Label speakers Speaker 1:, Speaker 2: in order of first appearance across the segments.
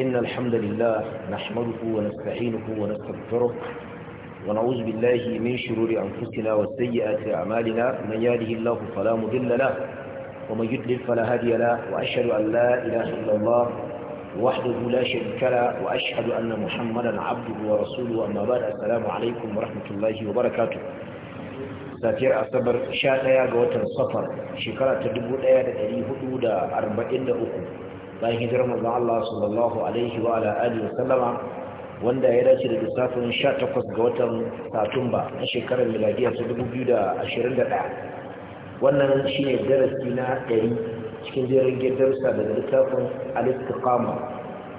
Speaker 1: إن الحمد لله نحمده ونستعينه ونستغفره ونعوذ بالله من شرور أنفسنا وسيئات أعمالنا من يهده الله فلا مضل له ومن يضلل فلا هادي له وأشهد أن لا إله إلا الله وحده لا شريك له وأشهد أن محمدا عبده ورسوله أما بعد السلام عليكم ورحمة الله وبركاته safiyar asabar 11 ga watan safar shekara ta 1443 bayan hijirar manzon Allah sallallahu alaihi wa ala alihi wasallama wanda ya dace da lissafin 18 ga watan Satumba na shekarar miladiya ta 2021 wannan shine darasi na 100 cikin jerin darussa daga lissafin al-istiqama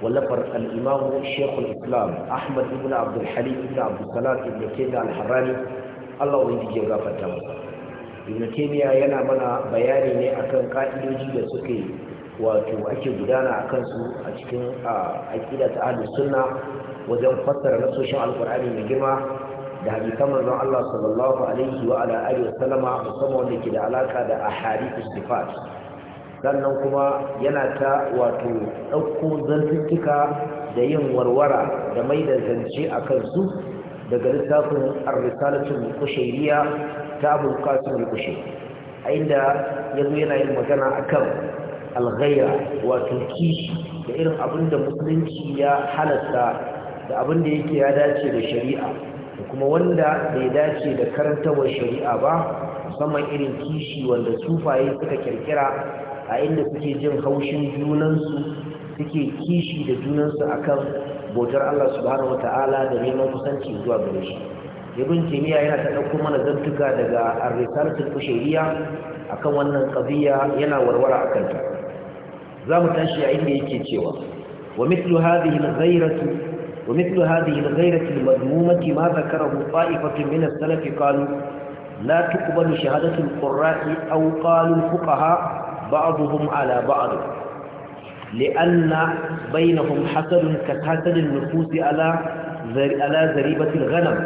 Speaker 1: wallafar al-imam islam Ahmad ibn Abd al-Halim ibn Abd Salam ibn Taymiyyah al-Harrani Allah ubangiji ya gafarta masa Ibn Taymiyyah yana mana bayani ne akan ka'idoji da suke wato ake gudana a kansu a cikin aƙida ta ahlus sunna wajen fassara nasoshin alqur'ani mai girma da hadisan manzon Allah sallallahu alaihi wa ala alihi wasallama musamman wanda ke da alaka da ahadithus sifat sannan kuma yana ta wato ɗauko zantuttuka da yin warwara da mai da zance a kansu daga littafin arrisalatul kushairiya ta abul qasim al a inda yana yin magana akan alghaira wato kishi da irin abin da musulunci ya halatta da abin da yake ya dace da shari'a da kuma wanda bai dace da karantawar shari'a ba musamman irin kishi wanda sufaye suka kirkira a inda suke jin haushin junansu suke kishi da junansu akan bautar Allah subhanahu wata'ala da neman kusanci zuwa gare shi ibn yana ta dauko mana zantuka daga ar-risalatul kushayriya akan wannan qadiya yana warwara akan ta za mu tashi a inda yake cewa wa mithlu hadhihi al-ghayratu wa mithlu hadhihi al-ghayrati al-madmumati ma dhakarahu ta'ifatun min as-salaf qalu la tuqbalu shahadatu al-qurra'i aw qalu al-fuqaha ba'dhum ala ba'd لأن بينهم حسد كحسد النفوس على على ذريبة الغنم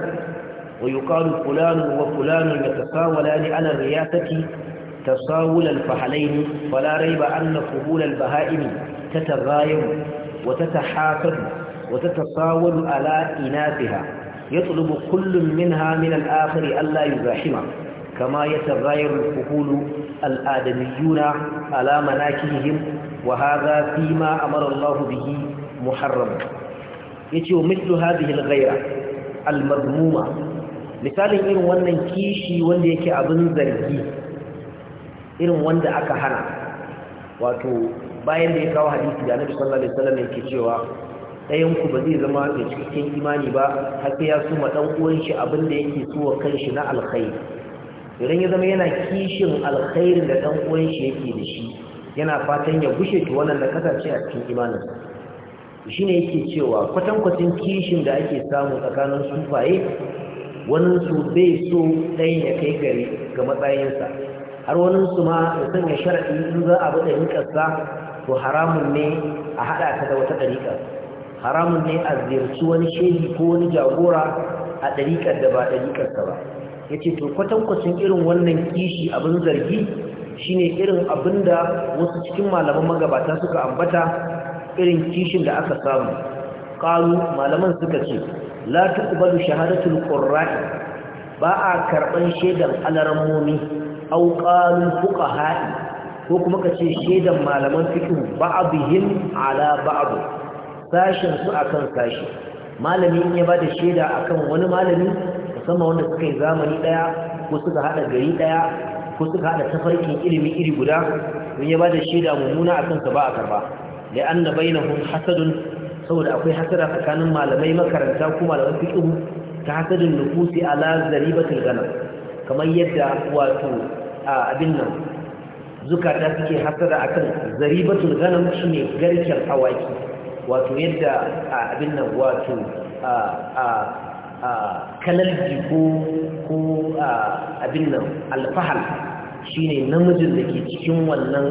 Speaker 1: ويقال فلان وفلان يتساولان على الرياسة تساول الفحلين فلا ريب أن فهول البهائم تتغاير وتتحاكم وتتساول على إناثها يطلب كل منها من الآخر ألا يزاحمه كما يتغاير الفهول الآدميون على مناكبهم وهذا فيما أمر الله به محرم يتي مثل هذه الغيرة المذمومة مثال إن ونن كيشي ونن يكي أبن ذرقي irin wanda aka hana wato bayan da ya kawo hadisi da annabi sallallahu alaihi wasallam yake cewa ɗayan ku ba zai zama mai cikakken imani ba har sai ya suma dan uwan shi abin da yake so wa kanshi na alkhairi idan ya zama yana kishin alkhairin da dan uwan shi yake da shi yana fatan ya gushe to wannan da kasance a cikin imanin shine yake cewa kwatankwacin kishin da ake samu tsakanin sufaye wani su bai so ɗaya ya kai gari ga matsayinsa har wani su ma da sanya sharaɗi in za a bi ɗariƙarsa to haramun ne a haɗa ta da wata ɗariƙa haramun ne a ziyarci wani shehi ko wani jagora a ɗariƙar da ba ɗariƙarsa ba ya ce to kwatankwacin irin wannan kishi abin zargi shine irin abin da wasu cikin malaman magabata suka ambata irin kishin da aka samu ƙalu malaman suka ce la tuqbalu shahadatul qurra'i ba a karban shaidan alarammomi aw qalul fuqaha ko kuma kace shaidan malaman fiqh ba'dihim ala ba'd sashin su akan sashi malami in ya bada shaida akan wani malami musamman wanda suka yi zamani daya ko suka hada gari daya ko suka hada tafarkin ilimi iri guda in ya bada shaida mummuna akan sa ba a karba la'anna bainahum hasadun saboda akwai hasara tsakanin malamai makaranta ko malaman fiqhu ta hasadin nufusi ala zaribatul ghanam kamar yadda wato abin nan zukata suke hasada akan zaribatul ghanam ne garken awaki wato yadda a abin nan wato a a a kalalji ko ko abin nan alfahal ne namijin da ke cikin wannan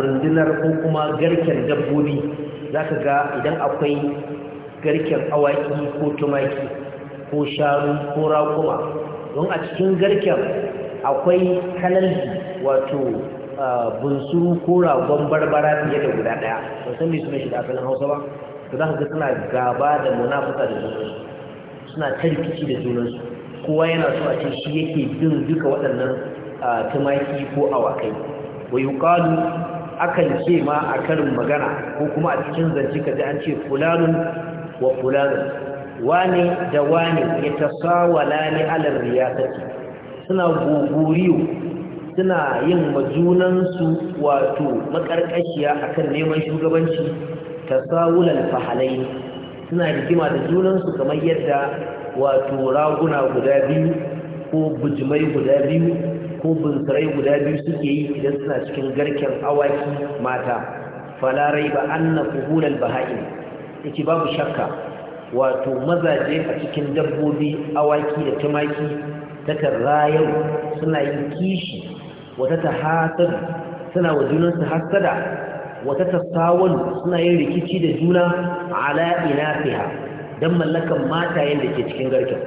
Speaker 1: rundunar ko kuma garken dabbobi za ka ga idan akwai garken awaki ko tumaki ko sharu ko raƙuma don a cikin garken akwai kalalji wato bunsu ko ragon barbara fiye da guda ɗaya musan bai suna shi da asalin hausa ba to za ka ga suna gaba da munafuka da junansu suna rikici da junansu kowa yana so a ce shi yake bin duka waɗannan tumaki ko awakai wa yuqalu akan ce ma a karin magana ko kuma a cikin zance ka ji an ce fulanun wa fulanun wani da wani ya tasawala ne alar riyasati suna gogoriyo suna yin majunansu wato makarkashiya kan neman shugabanci ta sawulan fahalai suna rigima da junansu kamar yadda wato raguna guda biyu ko bujimai guda biyu ko bunsarai guda biyu suke yi idan suna cikin garken awaki mata falarai ba anna kuhulal baha'im yake babu shakka wato mazaje a cikin dabbobi awaki da tumaki takan rayau suna yin kishi wata ta hasar suna wa junansu hasada wata ta tsawon suna yin rikici da juna ala ina fiha don mallakan matayen da ke cikin garken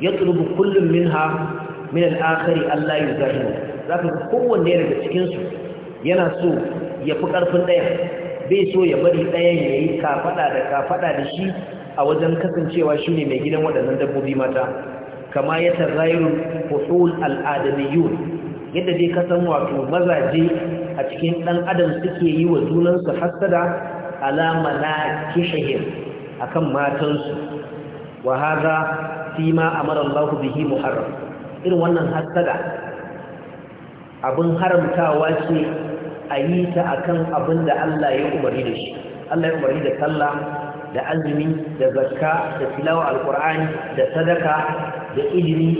Speaker 1: ya tsurubu kullum minha min al Allah ya zahiru zaka ga kowanne daga cikin su yana so ya fi karfin daya bai so ya bari dayan yayi kafaɗa da kafaɗa da shi a wajen kasancewa shine mai gidan waɗannan dabbobi mata kama ya tazayiru husul al yadda dai ka san wato mazaje a cikin dan adam suke yi wa junansu hasada alama na kishihim akan matansu wa fi ma amara Allah bihi muharram irin wannan hasada abin haramtawa ce a yi ta a kan abin da Allah ya umari da shi Allah ya umari da sallah da azumi da zakka da tilawa alkur'ani da sadaka da ilimi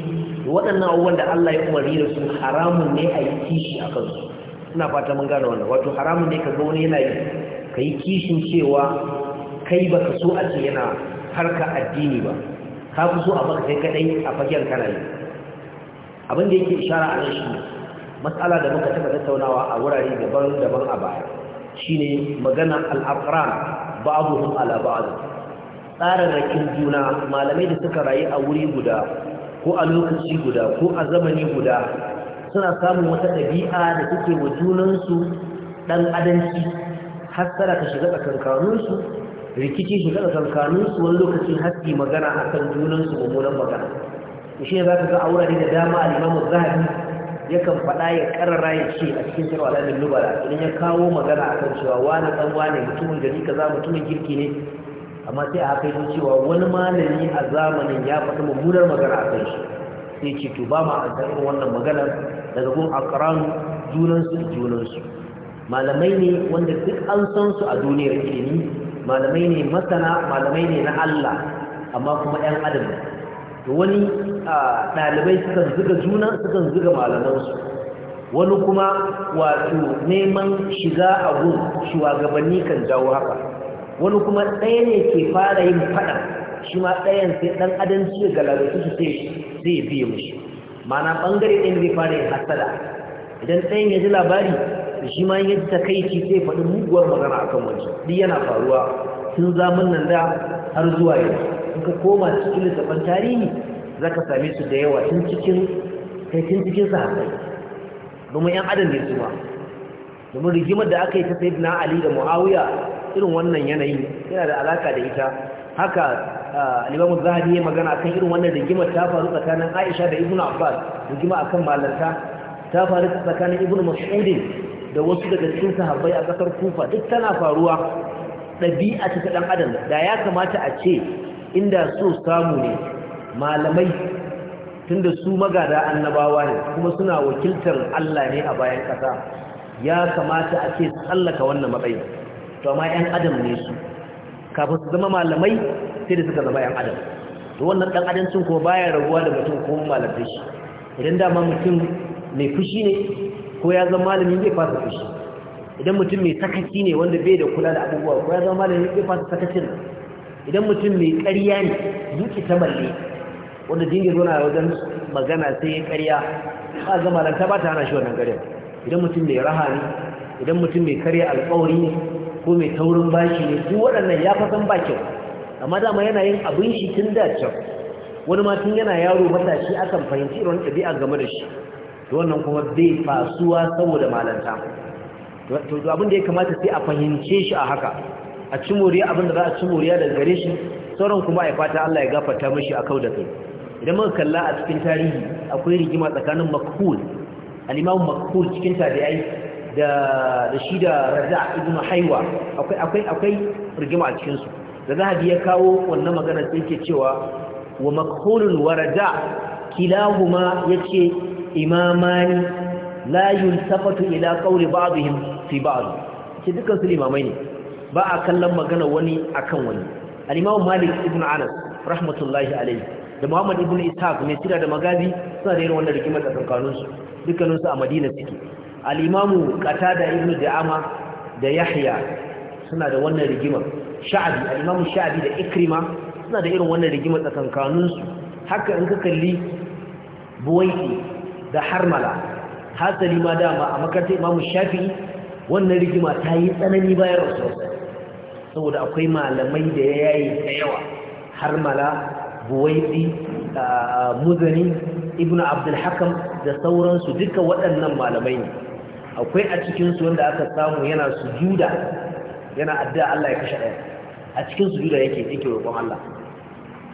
Speaker 1: waɗannan abubuwan da Allah ya umari da su haramun ne a yi kishi a kansu ina fata mun gane wannan wato haramun ne ka zo wani yana yi ka yi kishin cewa kai ba ka so a ce yana harka addini ba ka fi so a baka kai kaɗai a fagen kana yi abin da yake ishara a shi matsala da muka taɓa tattaunawa a wurare daban-daban a baya shine magana al-afran ba'dhum ala ba'd rakin juna malamai da suka rayu a wuri guda ko a lokaci guda ko a zamani guda suna samun wata ɗabi'a da suke wa junansu ɗan adanci hassara ta shiga tsakankaninsu rikici shiga tsakankaninsu wani lokacin haski magana akan junansu mummunan magana shi ne za ka ga a wurare da dama al'imamu zahabi yakan faɗa ya ƙarara ya ce a cikin sarwa alamin lubara idan ya kawo magana a kan cewa wani ɗan wani mutumin gari kaza mutumin girki ne amma sai a haka yi cewa wani malami a zamanin ya faɗi mummunar magana a kan shi sai ce to ba ma a irin wannan magana daga gun akaran junansu da junansu malamai ne wanda duk an san su a duniyar ilimi malamai ne masana malamai ne na Allah amma kuma 'yan adam da wani ɗalibai sukan zuga juna sukan zuga malamansu wani kuma wato neman shiga a gun shugabanni kan jawo haka wani kuma ɗaya ne ke fara yin faɗa shi ma ɗayan sai ɗan adanci ya galabaitu su sai zai biye mushi mana ɓangare ɗin zai fara yin hasala idan ɗayan ya ji labari shi ma ta kai takaici sai faɗin muguwar magana akan wajen duk yana faruwa tun zamun nan da har zuwa yanzu in ka koma cikin littafin tarihi za ka same su da yawa tun cikin tun cikin domin yan adam ne suwa domin rigimar da aka yi ta na ali da muawiya irin wannan yanayi yana da alaka da ita haka al-imamu zahabi ya magana kan irin wannan rigimar ta faru tsakanin aisha da ibnu abbas rigima akan malarta ta faru tsakanin ibnu mas'ud da wasu daga cikin sahabbai a kasar kufa duk tana faruwa ɗabi'a ta ɗan adam da ya kamata a ce inda so samu ne malamai tunda su magada annabawa ne kuma suna wakiltar Allah ne a bayan ƙasa ya kamata a ce tsallaka wannan matsayi to amma 'yan adam ne su kafin su zama malamai sai da suka zama 'yan adam to wannan ɗan adancin kuma baya raguwa da mutum ko malamai shi idan dama mutum mai fushi ne ko ya zama malami zai fasa fushi idan mutum mai sakaci ne wanda bai da kula da abubuwa ko ya zama malami zai fasa sakacin idan mutum mai ƙarya ne duki ta balle wanda dinga zo na wajen magana sai ya ƙarya ba zama lanta ba ta hana shi wannan ƙarya idan mutum mai raha ne idan mutum mai karya alƙawari ne ko mai taurin bashi ne duk waɗannan ya fasan ba kyau amma dama yana yin abin shi tun da can wani ma tun yana yaro matashi akan fahimci irin ɗabi'a game da shi to wannan kuma bai fasuwa saboda malanta to abin da ya kamata sai a fahimce shi a haka a ci moriya abin da za a ci moriya daga gare shi sauran kuma a fata Allah ya gafarta mashi a kau da kai idan muka kalla a cikin tarihi akwai rigima tsakanin makhul al-imam makhul cikin tabi'ai da da shi da raza ibn haiwa akwai akwai akwai rigima a cikin su da zahabi ya kawo wannan magana sai yake cewa wa makhulun wa raza kilahuma yace imamani la yuntafatu ila qawli ba'dihim fi ba'd ce dukkan su limamai ne ba a kallon magana wani akan wani al-imam malik ibn anas rahmatullahi alayhi da muhammad ibn ishaq mai tira da magazi suna da irin wannan rigimar da kankanun su dukkanin su a madina suke al-imam qatada ibn da'ama da yahya suna da wannan rigimar sha'abi al-imam sha'abi da ikrima suna da irin wannan rigimar da kankanun su haka in ka kalli buwaiti da harmala hasali ma dama a makarantar imamu shafi'i wannan rigima ta yi tsanani bayan rasuwarsa saboda akwai malamai da ya yayi ta yawa har mala buwaidi muzani ibnu abdulhakam da sauransu duka waɗannan malamai ne akwai a cikinsu wanda aka samu yana sujuda yana addu'a Allah ya kashe ɗaya a cikin sujuda yake yake roƙon Allah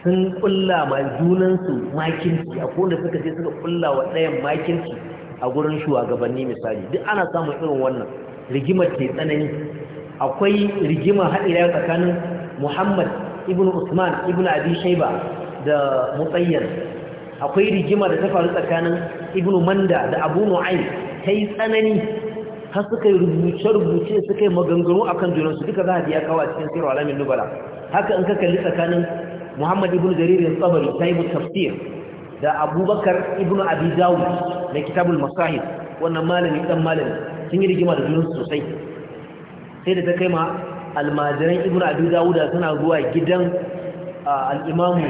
Speaker 1: sun kulla ma junansu makinci a kowanne suka je suka kulla wa ɗayan makinci a gurin shugabanni misali duk ana samun irin wannan rigimar ke tsanani akwai rigima haɗira tsakanin muhammad ibn usman ibn abi shaiba da mutsayyar akwai rigima da ta faru tsakanin ibn manda da abu nu'ayn ta yi tsanani har suka yi rubuce-rubuce suka yi maganganu a kan junansu duka za a biya kawo a cikin sirwa alamin nubala haka in ka kalli tsakanin muhammad ibn jaririn tsabari ta yi tafsir da abubakar ibn abi dawud na kitabul masahib wannan malami dan malami sun yi rigima da junansu sosai sai da ta kai ma almajiran ibn abu dawuda suna zuwa gidan al'imamu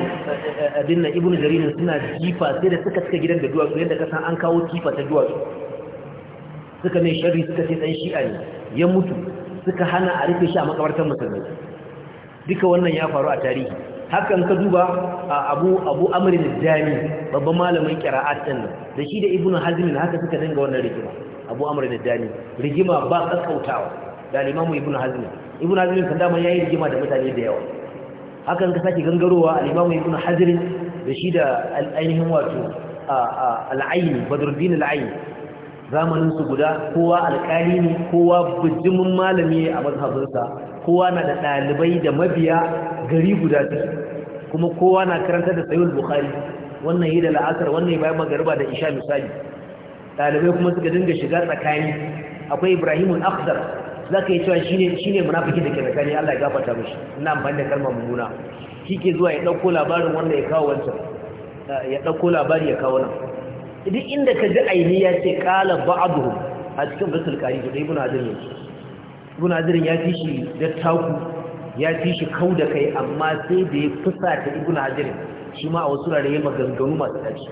Speaker 1: abin na ibn jaririn suna jifa sai da suka cika gidan da duwatsu yadda kasan an kawo jifa ta duwatsu suka mai shari suka ce ɗan shi'a ne ya mutu suka hana a rufe shi a makabartar musulmi duka wannan ya faru a tarihi hakan ka duba abu abu amurin jami babban malamin qira'at nan. da shi da ibnu hazm haka suka dinga wannan rigima abu amurin jami rigima ba ƙasƙautawa da limamu ibn hazmi ibn kan dama yayi rigima da mutane da yawa hakan ka sake gangarowa al-imamu ibn hazmi da shi da ainihin wato al-ayn badruddin al-ayn zamanin su guda kowa alƙali ne kowa bijimin malami a mazhabinsa kowa na da ɗalibai da mabiya gari guda kuma kowa na karanta da sayul bukhari wannan yi da la'asar wannan yi bayan magariba da isha misali ɗalibai kuma suka dinga shiga tsakani akwai ibrahimun akhzar za ka yi cewa shi ne munafikin da ke tsakani Allah ya gafata mashi ina amfani da kalmar mummuna shi ke zuwa ya ɗauko labarin wanda ya kawo wancan ya ɗauko labari ya kawo nan Idan inda ka ji aini ya ce ƙala ba'aduhu a cikin basul kari da ibn hadirin ibn hadirin ya fi shi da taku ya fi shi kau da kai amma sai da ya fusa ta ibn hadirin shi ma a wasu rarrayi maganganu masu ɗaci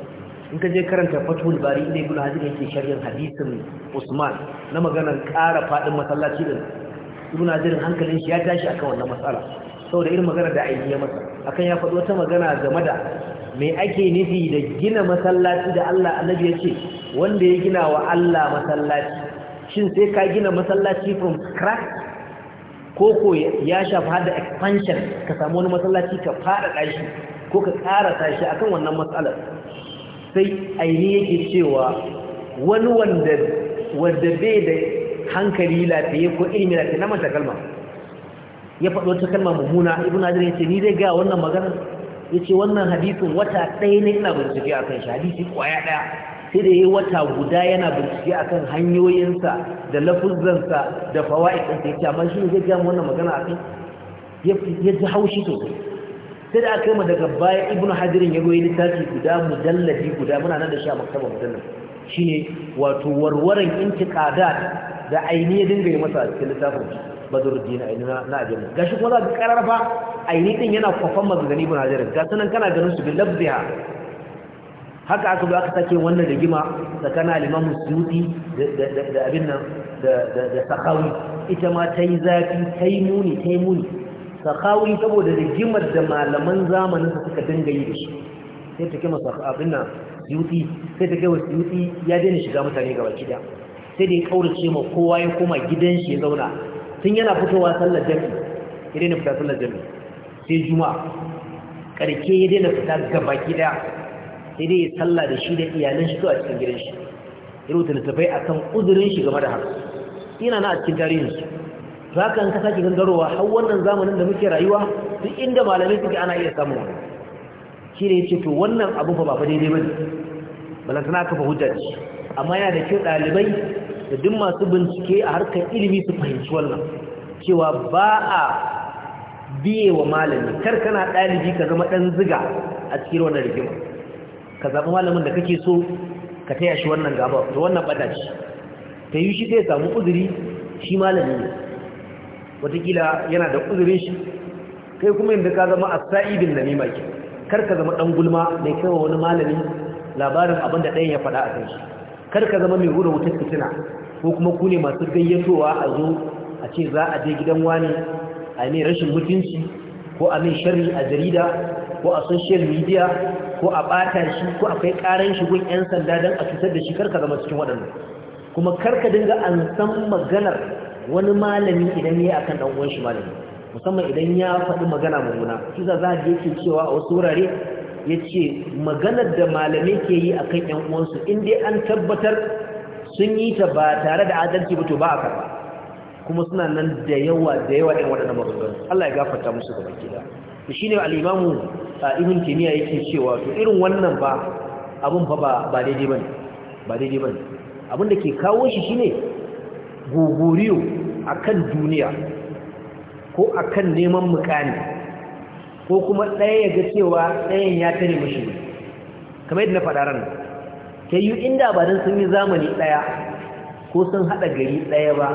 Speaker 1: in ka je karanta fatul bari inda ibn hazir yake sharhin hadisin usman na maganar ƙara faɗin masallaci din ibn hazir hankalin shi ya tashi akan wannan matsala saboda irin magana da aiki ya masa akan ya faɗi wata magana game da me ake nufi da gina masallaci da Allah annabi ya ce wanda ya gina wa Allah masallaci shin sai ka gina masallaci from scratch Ko ya shafi hada expansion ka samu wani masallaci ka fara ɗashi ko ka ƙara shi akan wannan matsalar sai aini yake cewa wani wanda wanda bai da hankali lafiye ko ilimi lafiye na manta kalma ya faɗo ta kalma mummuna ibn ya ce ni zai ga wannan magana ce wannan hadisun wata ɗaya ne ina bincike akan shi hadisi ƙwaya ɗaya sai da ya wata guda yana bincike akan hanyoyinsa da lafuzzansa da Ya ce amma shi ne zai ga wannan magana kan ya ji haushi sosai sai da aka yi daga baya ibn hadirin ya goyi littafi guda mujallafi guda muna nan da shi a maktaba mujallafi ne, wato warwaran intiqadat da aini ya dinga yi masa a cikin littafin badruddin aini na na Ga shi kuma za ka karar fa aini din yana kwafan maganganu ibn hadirin ga sanan kana ganin su bil labziha haka aka zo aka sake wannan da gima, tsakanin al-imam suyuti da abin nan da da sakawi ita ma ta yi zafi ta yi muni ta yi muni sakawi saboda rigimar da malaman zamanin su suka dinga yi da shi sai ta masa abin nan yuti sai ta kaiwa yuti ya daina shiga mutane gaba da sai da ya kaurace ma kowa ya koma gidan shi ya zauna tun yana fitowa sallar jami ya daina fita sallar jami sai juma'a karke ya daina fita gaba da sai dai ya salla da shi da iyalan shi a cikin gidan shi ya rubuta littafai akan uzurin shi game da haka yana na a cikin tarihin su to haka ka sake gangarowa har wannan zamanin da muke rayuwa duk inda malamai suke ana iya samu shi ne yace to wannan abu fa ba fa daidai bane balantana ka fa hujja ce amma yana da kyau ɗalibai da duk masu bincike a harkar ilimi su fahimci wannan cewa ba a biye wa malami kar kana dalibi ka zama dan ziga a cikin wannan rigima ka zaɓi malamin da kake so ka taya shi wannan gaba to wannan bada ce ta yi shi zai samu uzuri shi malami ne watakila yana da uzurin shi kai kuma yadda ka zama a saidin namima ke kar ka zama ɗan gulma mai kaiwa wani malamin labarin abin da ɗayan ya faɗa a kan shi kar ka zama mai hura wutar fitina ko kuma ku ne masu gayyatowa a zo a ce za a je gidan wani a ne rashin mutunci ko a mai sharri a jarida ko a social media ko a ɓata shi ko a kai ƙaran shi 'yan sanda don a cutar da shi karka zama cikin waɗannan kuma karka dinga an san maganar wani malami idan ya akan dan uwan shi malami musamman idan ya faɗi magana mummuna shi za za yake cewa a wasu wurare ya ce maganar da malamai ke yi akan ƴan uwansu in dai an tabbatar sun yi ta ba tare da adalci ba to ba a karba kuma suna nan da yawa da yawa ɗan waɗannan maganganu Allah ya gafarta musu gaba gida, da shi ne al'imamu ibn kimiyya yake cewa to irin wannan ba abin fa ba daidai ba ne ba daidai ba ne abin ke kawo shi shine gogoriyo akan duniya ko akan neman mukani ko kuma ɗaya ya ga cewa ɗayan ya tare mashi kamar yadda na faɗa ran ke yi inda ba don sun yi zamani ɗaya ko sun haɗa gari ɗaya ba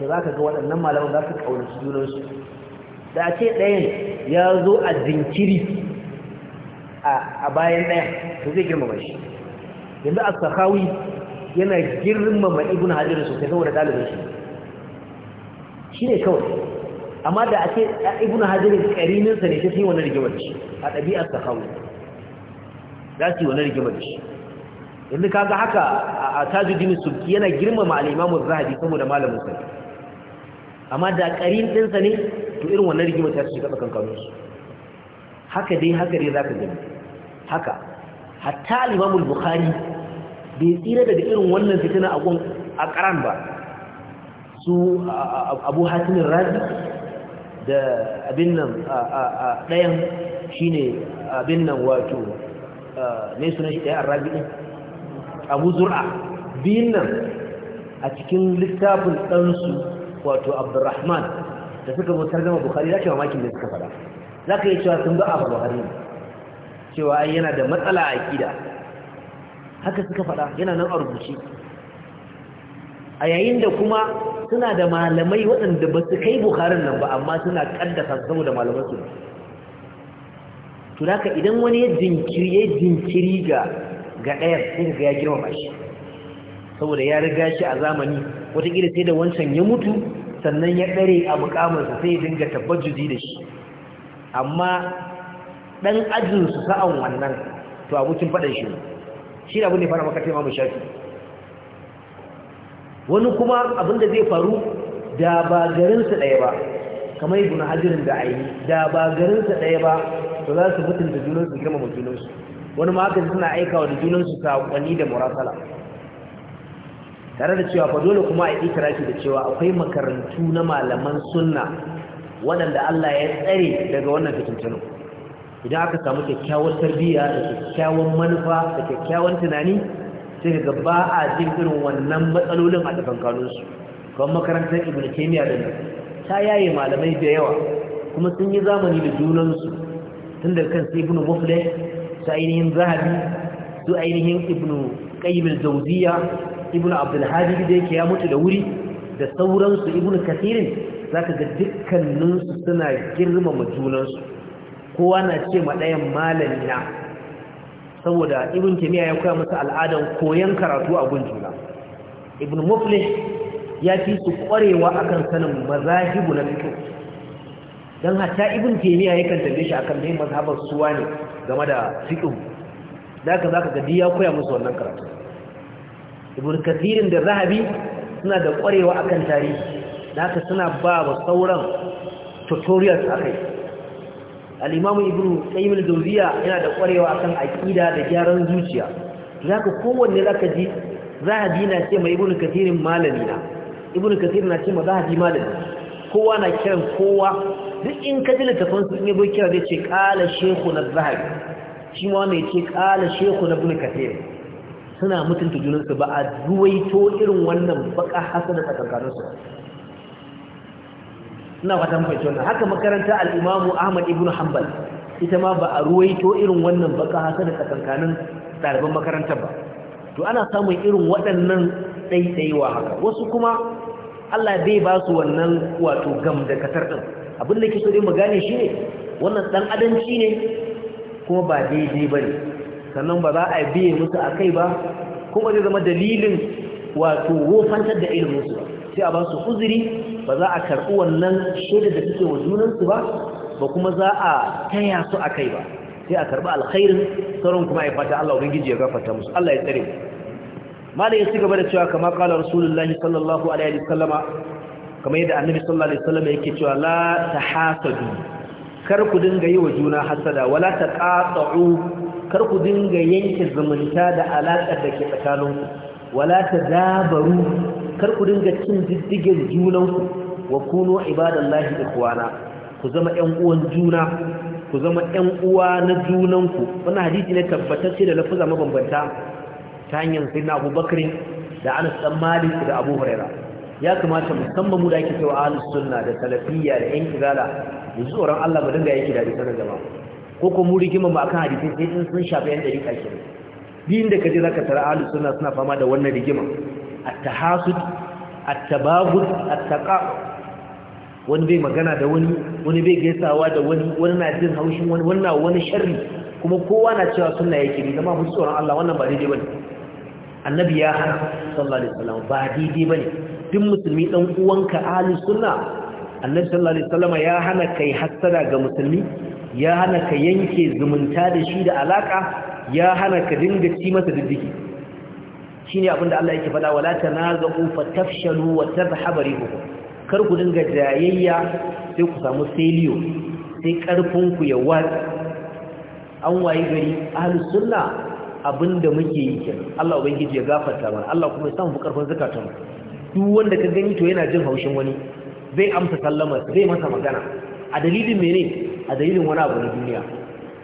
Speaker 1: da za ka ga waɗannan malaman za su ƙaunaci junansu da a ce ɗayan ya zo a jinkiri a bayan ɗaya ko zai girmama shi yanzu a sahawi. yana girmama ibn hajar sosai saboda dalibin shi shi ne kawai amma da a ce ibn hajar sa ne shi yi wannan rigimar shi a ɗabi'ar sa kawai za su yi wani rigimar shi yanzu kaga haka a tajuddin subki yana girmama al'imamun zahabi saboda malamin sa amma da din ɗinsa ne to irin wannan rigimar ta shiga tsakankanin su haka dai haka dai za ka gani haka hatta al'imamul bukhari bai tsira daga irin wannan fitina a ƙaran ba su abu hatimin razi da abin nan a ɗayan shi ne abin nan wato ne suna shi ɗaya a razi ɗin abu zura biyun nan a cikin littafin ɗansu wato abdurrahman da suka mutar gama bukari za ka mamakin da suka fara za ka yi cewa sun ba a bukari cewa yana da matsala a ƙida haka suka faɗa yana nan a rubuce a yayin da kuma suna da malamai waɗanda ba su kai buharin nan ba amma suna ƙaddasa saboda su to haka idan wani ya jinkiri ya jinkiri ga ga ɗayar sai ga ya girmama shi saboda ya riga shi a zamani wataƙila sai da wancan ya mutu sannan ya ɗare a mukamansa sai ya dinga tabbajuji da shi amma ɗan ajinsu sa'an wannan to abokin faɗan shi ne shi abin da ya fara makatai mamu shafi wani kuma abin da zai faru da ba garinsa ɗaya ba kamar ibn hajirin da aini da ba garinsa ɗaya ba to za su mutunta junansu girmama junansu wani ma suna aikawa da junansu wani da murasala tare da cewa fa dole kuma a yi shi da cewa akwai makarantu na malaman sunna waɗanda Allah ya tsare daga wannan fitintunan idan aka samu kyakkyawar tarbiyya da kyakkyawan manufa da kyakkyawan tunani sai ga ba a jin irin wannan matsalolin a kanunsu. kamar makarantar ibn kemiya da nan ta yaye malamai da yawa kuma sun yi zamani da junansu tun da kan ibn mufle su ainihin zahabi su ainihin ibn qayyim al ibn abdul hadi da yake ya mutu da wuri da sauransu ibn kathirin zaka ga dukkaninsu suna girmama junansu kowa na ce ma ɗayan malami na saboda ibn Jami'a ya koya musu al'adar koyan karatu a gun juna ibn muflih ya fi su a akan sanin mazahibu na fito don hata ibn ya kan tambaye shi akan neman mazhabar suwa ne game da fito da ka zaka ga ya koya musu wannan karatu ibn kathirin da zahabi suna da a akan tarihi da aka suna ba wa sauran tutorials kai. al'imamu ibn qayyim al-jawziya yana da kwarewa akan aqida da gyaran zuciya zaka kowanne zaka ji zahabi na ce mai ibn kathirin malami na ibn kathir na ce ma zahabi malami kowa na kiran kowa duk in ka ji littafin su in bai kira zai ce qala shaykhu az-zahabi shi ma wanda yace qala shaykhu ibn kathir suna mutunta junansu ba a duwaito irin wannan baka hasana tsakankaninsu ina fatan fahimci wannan haka makaranta al Ahmad ibn Hanbal ita ma ba a ruwaito irin wannan baka haka da tsakankanin ɗaliban makaranta ba to ana samun irin waɗannan ɗaiɗaiwa haka wasu kuma Allah bai ba su wannan wato gam da katar ɗin abin da ke so dai mu gane shi ne wannan ɗan adanci ne kuma ba daidai ba ne sannan ba za a biye musu a kai ba kuma zai zama dalilin wato wofantar da ilimin su sai a ba su uzuri ba za a karɓi wannan shaida da suke wa junansu ba ba kuma za a taya su a kai ba sai a karɓi alkhairin sauran kuma ya fata Allah ubangiji ya gafarta musu Allah ya tsare malai su ci gaba da cewa kama kala rasulullahi sallallahu alaihi wasallama kamar yadda annabi sallallahu alaihi wasallama yake cewa la tahasadu kar ku dinga yi wa juna hasada wala taqatu kar ku dinga yanke zumunta da alaka da ke tsakaninku wala tadabaru kar ku dinga cin diddigin junanku wa kunu ibadallahi ikhwana ku zama ƴan uwan juna ku zama ƴan uwa na junanku wannan hadisi ne tabbatacce da lafuza mabambanta ta hanyar sayyidina Abubakar da Anas dan Malik da Abu Huraira ya kamata musamman mu da yake cewa ahlus sunna da salafiyya da ƴan kizala mu ji tsoron Allah mu dinga yake da sanar jama'a ko ko mu rigima ba kan hadisi sai in sun shafi yan dariƙa kenan din da kaje zaka tara ahlus sunna suna fama da wannan rigima at-tahasud at-tabaghud at-taqa wani bai magana da wani wani bai gaisawa da wani wani na jin haushin wani wannan wani sharri kuma kowa na cewa sunna yake ne zama musu tsoron Allah wannan ba daidai bane annabi ya hana sallallahu alaihi wasallam ba daidai bane duk musulmi dan uwanka ahlus sunna annabi sallallahu alaihi wasallam ya hana kai hassada ga musulmi ya hana ka yanke zumunta da shi da alaka ya hana ka dinga ci masa diddiki shine abinda Allah yake faɗa wala tanazu tafshalu wa tadhhabu rihukum kar ku dinga jayayya sai ku samu seliyo sai karfin ku ya wadi an waye gari ahlus sunna abinda muke yi kenan Allah ubangiji ya gafarta mana Allah kuma ya san mu karfin zakatun duk wanda ka gani to yana jin haushin wani zai amsa sallama zai masa magana a dalilin mene a dalilin wani abu na duniya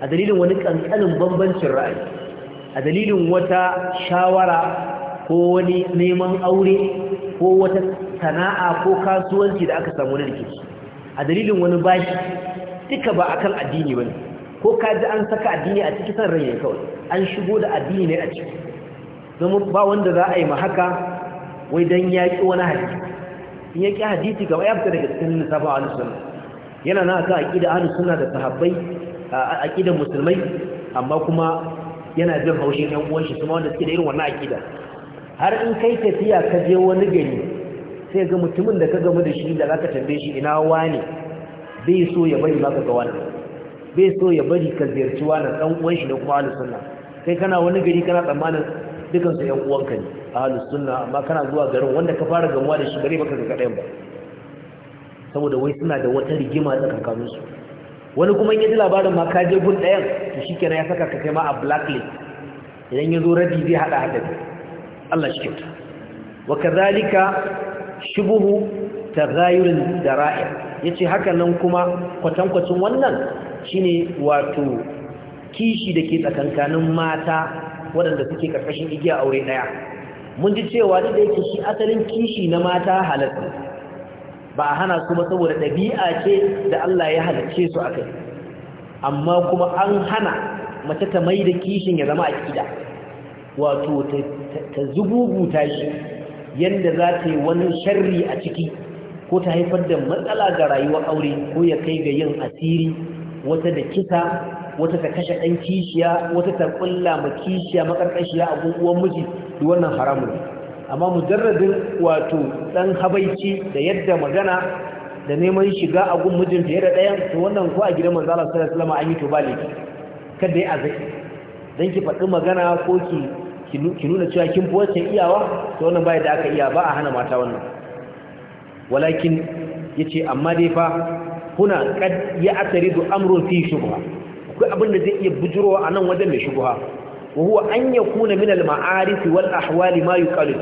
Speaker 1: a dalilin wani kankanin bambancin ra'ayi a dalilin wata shawara ko wani neman aure ko wata sana'a ko kasuwanci da aka samu na rikici a dalilin wani bashi duka ba akan addini bane ko ka ji an saka addini a cikin san rai kawai an shigo da addini ne a ciki zama ba wanda za a yi ma haka wai dan yaki wani hadisi in yaki hadisi gaba ya fita daga cikin lissafin ahlus sunna yana na aka aqida ahlus sunna da sahabbai aqidan musulmai amma kuma yana jin haushin yan uwan shi kuma wanda suke da irin wannan aqida har in kai tafiya ka je wani gari sai ga mutumin da ka gamu da shi da zaka tambaye shi ina wani bai so ya bari ka ga wani bai so ya bari ka ziyarci wani dan uwan shi da kuma ahlus sunna kai kana wani gari kana tsammanin dukan su uwan uwanka ne ahlus sunna amma kana zuwa garin wanda ka fara gamuwa da shi bare baka ga kadai ba saboda wai suna da wata rigima tsakankanin su wani kuma in ji labarin ma ka je gun ɗayan to shikenan ya saka ka kai ma a blacklist idan ya zo rabi zai hada hadari Allah shi kyauta wa shubuhu tagayurul dara'i yace haka nan kuma kwatankwacin wannan shine wato kishi dake tsakankanin mata waɗanda suke karkashin igiya aure daya mun ji cewa duk da yake shi asalin kishi na mata halatta ba a hana su ba saboda dabi'a ce da Allah ya halarce su akai amma kuma an hana mace ta mai da kishin ya zama akida wato ta zububuta shi yadda za ta yi wani sharri a ciki ko ta haifar da matsala ga rayuwar aure ko ya kai ga yin asiri wata da kisa wata ta kashe ɗan kishiya wata ta ƙulla ma kishiya makarƙashiya a gunguwan miji da wannan haramun amma mujarradin wato ɗan habaici da yadda magana da neman shiga a gun mijin fiye da ɗayan to wannan ko a gidan manzala sallallahu alaihi wasallam an yi to ba kada ya azaki dan ki faɗi magana ko ki ki nuna cewa kin fi iyawa ta wannan bai da aka iya ba a hana mata wannan walakin yace amma dai fa kuna kad ya da amurin fi shubha akwai abin da zai iya bujirowa a nan wajen mai shubha wa an ya kuna minal maarif wal ahwali ma yuqalu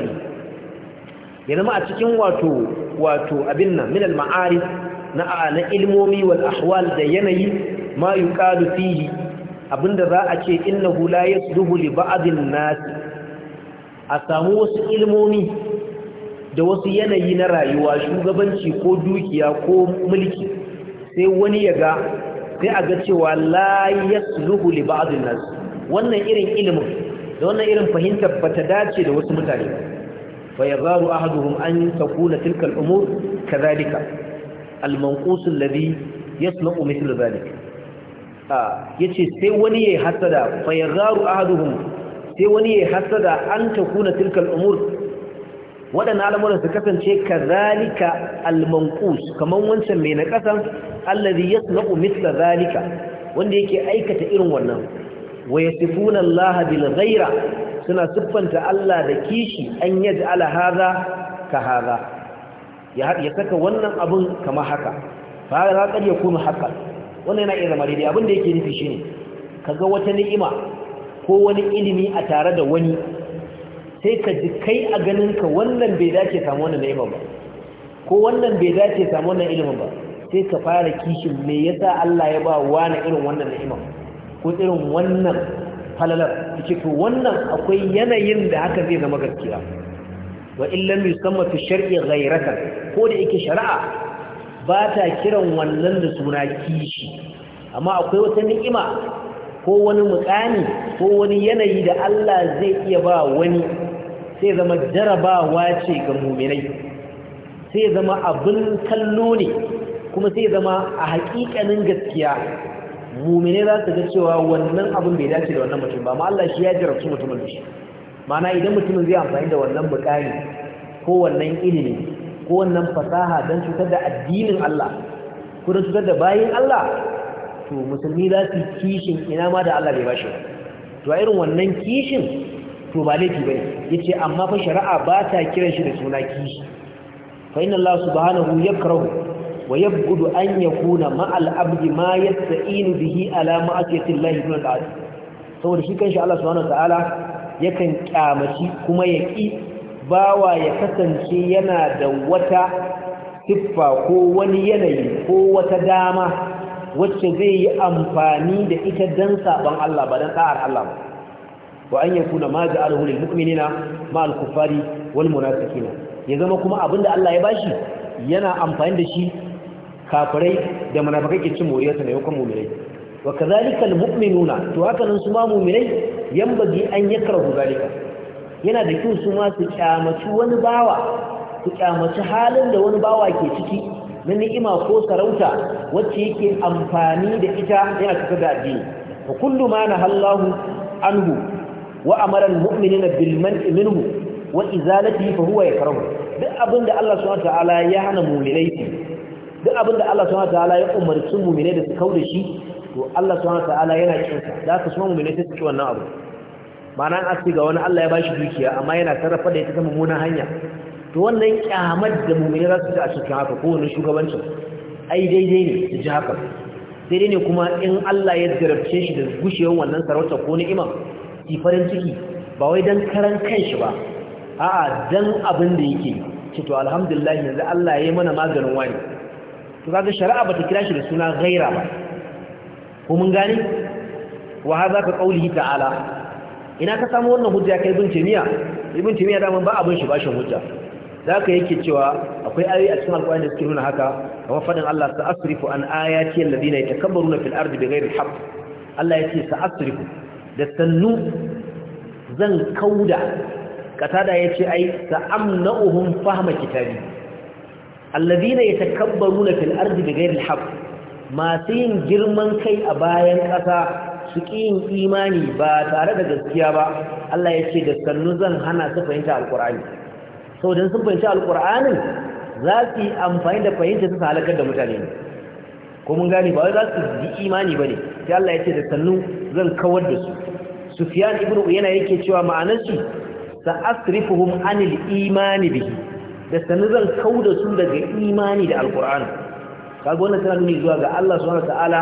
Speaker 1: ya zama a cikin wato wato abin nan minal maarif na ilmomi wal ahwal da yanayi ma yuqalu abinda za a ce innahu hula yasluhu li ba'dhin nasi, a samu wasu ilmomi da wasu yanayi na rayuwa shugabanci ko dukiya ko mulki sai wani ya ga sai a ga cewa la yasluhu li ba'dhin nasi wannan irin ilimin da wannan irin fahimtar bata dace da wasu mutane fa yazaru ahaduhum an yi tilka al-umur kadhalika al-manqus alladhi yasna'u mithla dhalik yace sai wani ya hasada fa sai wani ya hasada an takuna tilkal umur waɗannan al'amuran su kasance kazalika almanqus kaman wancan mai na kasan allazi yasna'u mithla zalika wanda yake aikata irin wannan wa yasifuna Allah bil ghaira suna siffanta Allah da kishi an ala hadha ka hadha ya saka wannan abun kama haka fa hada qad yakunu wannan yana iya zama daidai abin da yake nufi shine ga wata ni'ima ko wani ilimi a tare da wani sai ka ji kai a ganin ka wannan bai dace samu wannan ni'ima ba ko wannan bai dace samu wannan ilimin ba sai ka fara kishin me yasa Allah ya ba wani irin wannan ni'ima ko irin wannan falalar yake to wannan akwai yanayin da haka zai zama gaskiya wa illam yusamma fi shar'i ghayratan ko da yake shari'a ba ta kiran wannan da suna kishi amma akwai wata ni'ima ko wani mukami ko wani yanayi da Allah zai iya ba wani sai zama jarabawa ce ga muminai sai zama abin kallo ne kuma sai zama a haƙiƙanin gaskiya muminai za su ga cewa wannan abin bai dace da wannan mutum ba amma Allah shi ya jarabci mutumin da shi ma'ana idan mutumin zai amfani da wannan mukami ko wannan ilimi ko wannan fasaha don cutar da addinin Allah ko don cutar da bayin Allah to musulmi za su kishin ina ma da Allah bai bashi to a irin wannan kishin to ba laifi Ya ce amma fa shari'a ba ta kiran shi da suna kishi fa inna Allah subhanahu yakrahu wa yabghudu an yakuna ma'al abdi ma yasta'inu bihi ala ma'asiyati lahi ibn al saboda shi shi Allah subhanahu wa ta'ala yakan kyamaci kuma yaki bawa ya kasance yana da wata siffa ko wani yanayi ko wata dama wacce zai yi amfani da ita don saɓon Allah ba don sa'ar Allah ba wa an yanku na maji alhulil mu'minina ma alkufari wal munafikina ya zama kuma abinda Allah ya bashi yana amfani da shi kafirai da munafikai cin moriyarsa na kan mu'minai wa kazalika almu'minuna to haka nan su ma mu'minai yanbaghi an yakrahu zalika yana da kyau su ma su kyamaci wani bawa su kyamaci halin da wani bawa ke ciki na ni'ima ko sarauta wacce yake amfani da ita yana tafi da addini wa kullu ma nahallahu anhu wa amara almu'minina bil man'i minhu wa izalatihi fa huwa yakrahu duk abinda Allah subhanahu wa ta'ala ya hana mu'minai duk abinda Allah subhanahu wa ta'ala ya umarci mu'minai da su kauda shi to Allah subhanahu wa ta'ala yana kinsa da ka so mu'minai su ci wannan abu ma'ana an aske ga wani Allah ya bashi dukiya amma yana sarrafa da ita ta mummunan hanya to wannan kyamar da mummuni za su ta a cikin haka wani shugabancin ai daidai ne su ji haka daidai ne kuma in Allah ya zarafce shi da gushewar wannan sarauta ko ni'imar ki farin ciki ba wai dan karan kanshi ba a'a dan abin da yake ce to alhamdulillah yanzu Allah ya yi mana maganin wani to kaga shari'a bata kira shi da suna gaira ba ko mun gane wa hadha ka qawlihi ta'ala ina ka samu wannan hujja kai ibn timiya ibn timiya da ba abun shi bashin hujja da haka yake cewa akwai ayoyi a cikin alƙur'ani da suke nuna haka kamar fadin Allah sa'asrifu an ayati alladhina yatakabbaruna fil ardi bighairi alhaq Allah yace sa'asrifu da sannu zan kauda katada yace ai sa'amna'uhum fahma kitabi alladhina yatakabbaruna fil ardi bighairi alhaq masu yin girman kai a bayan ƙasa su yin imani ba tare da gaskiya ba Allah ya ce da sannu zan hana su fahimta alƙur'ani sau don sun fahimta alƙur'anin za su yi amfani da fahimta su halakar da mutane ne ko mun gane ba wai za su yi imani ba ne sai Allah ya ce da sannu zan kawar da su Sufyan ibn Uyana yake cewa ma'anar shi asrifuhum anil imani bihi da sannu zan da su daga imani da alƙur'ani kaga wannan tana nuni zuwa ga Allah subhanahu ta'ala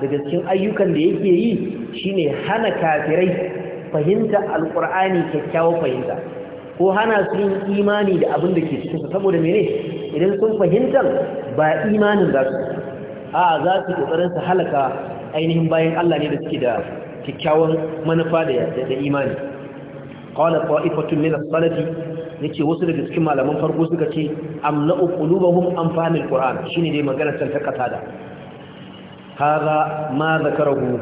Speaker 1: daga cikin ayyukan da yake yi shine hana kafirai fahimta alqur'ani kyakkyawar fahimta ko hana su yin imani da abin da ke cikin saboda mene idan sun fahimtar ba imanin za su a za su kokarin su halaka ainihin bayan Allah ne da suke da kyakkyawan manufa da da imani qala qa'ifatun min as-salati yace wasu daga cikin malaman farko suka ce amna qulubahum amfanil qur'an shine dai magana tantakata da هذا ما ذكره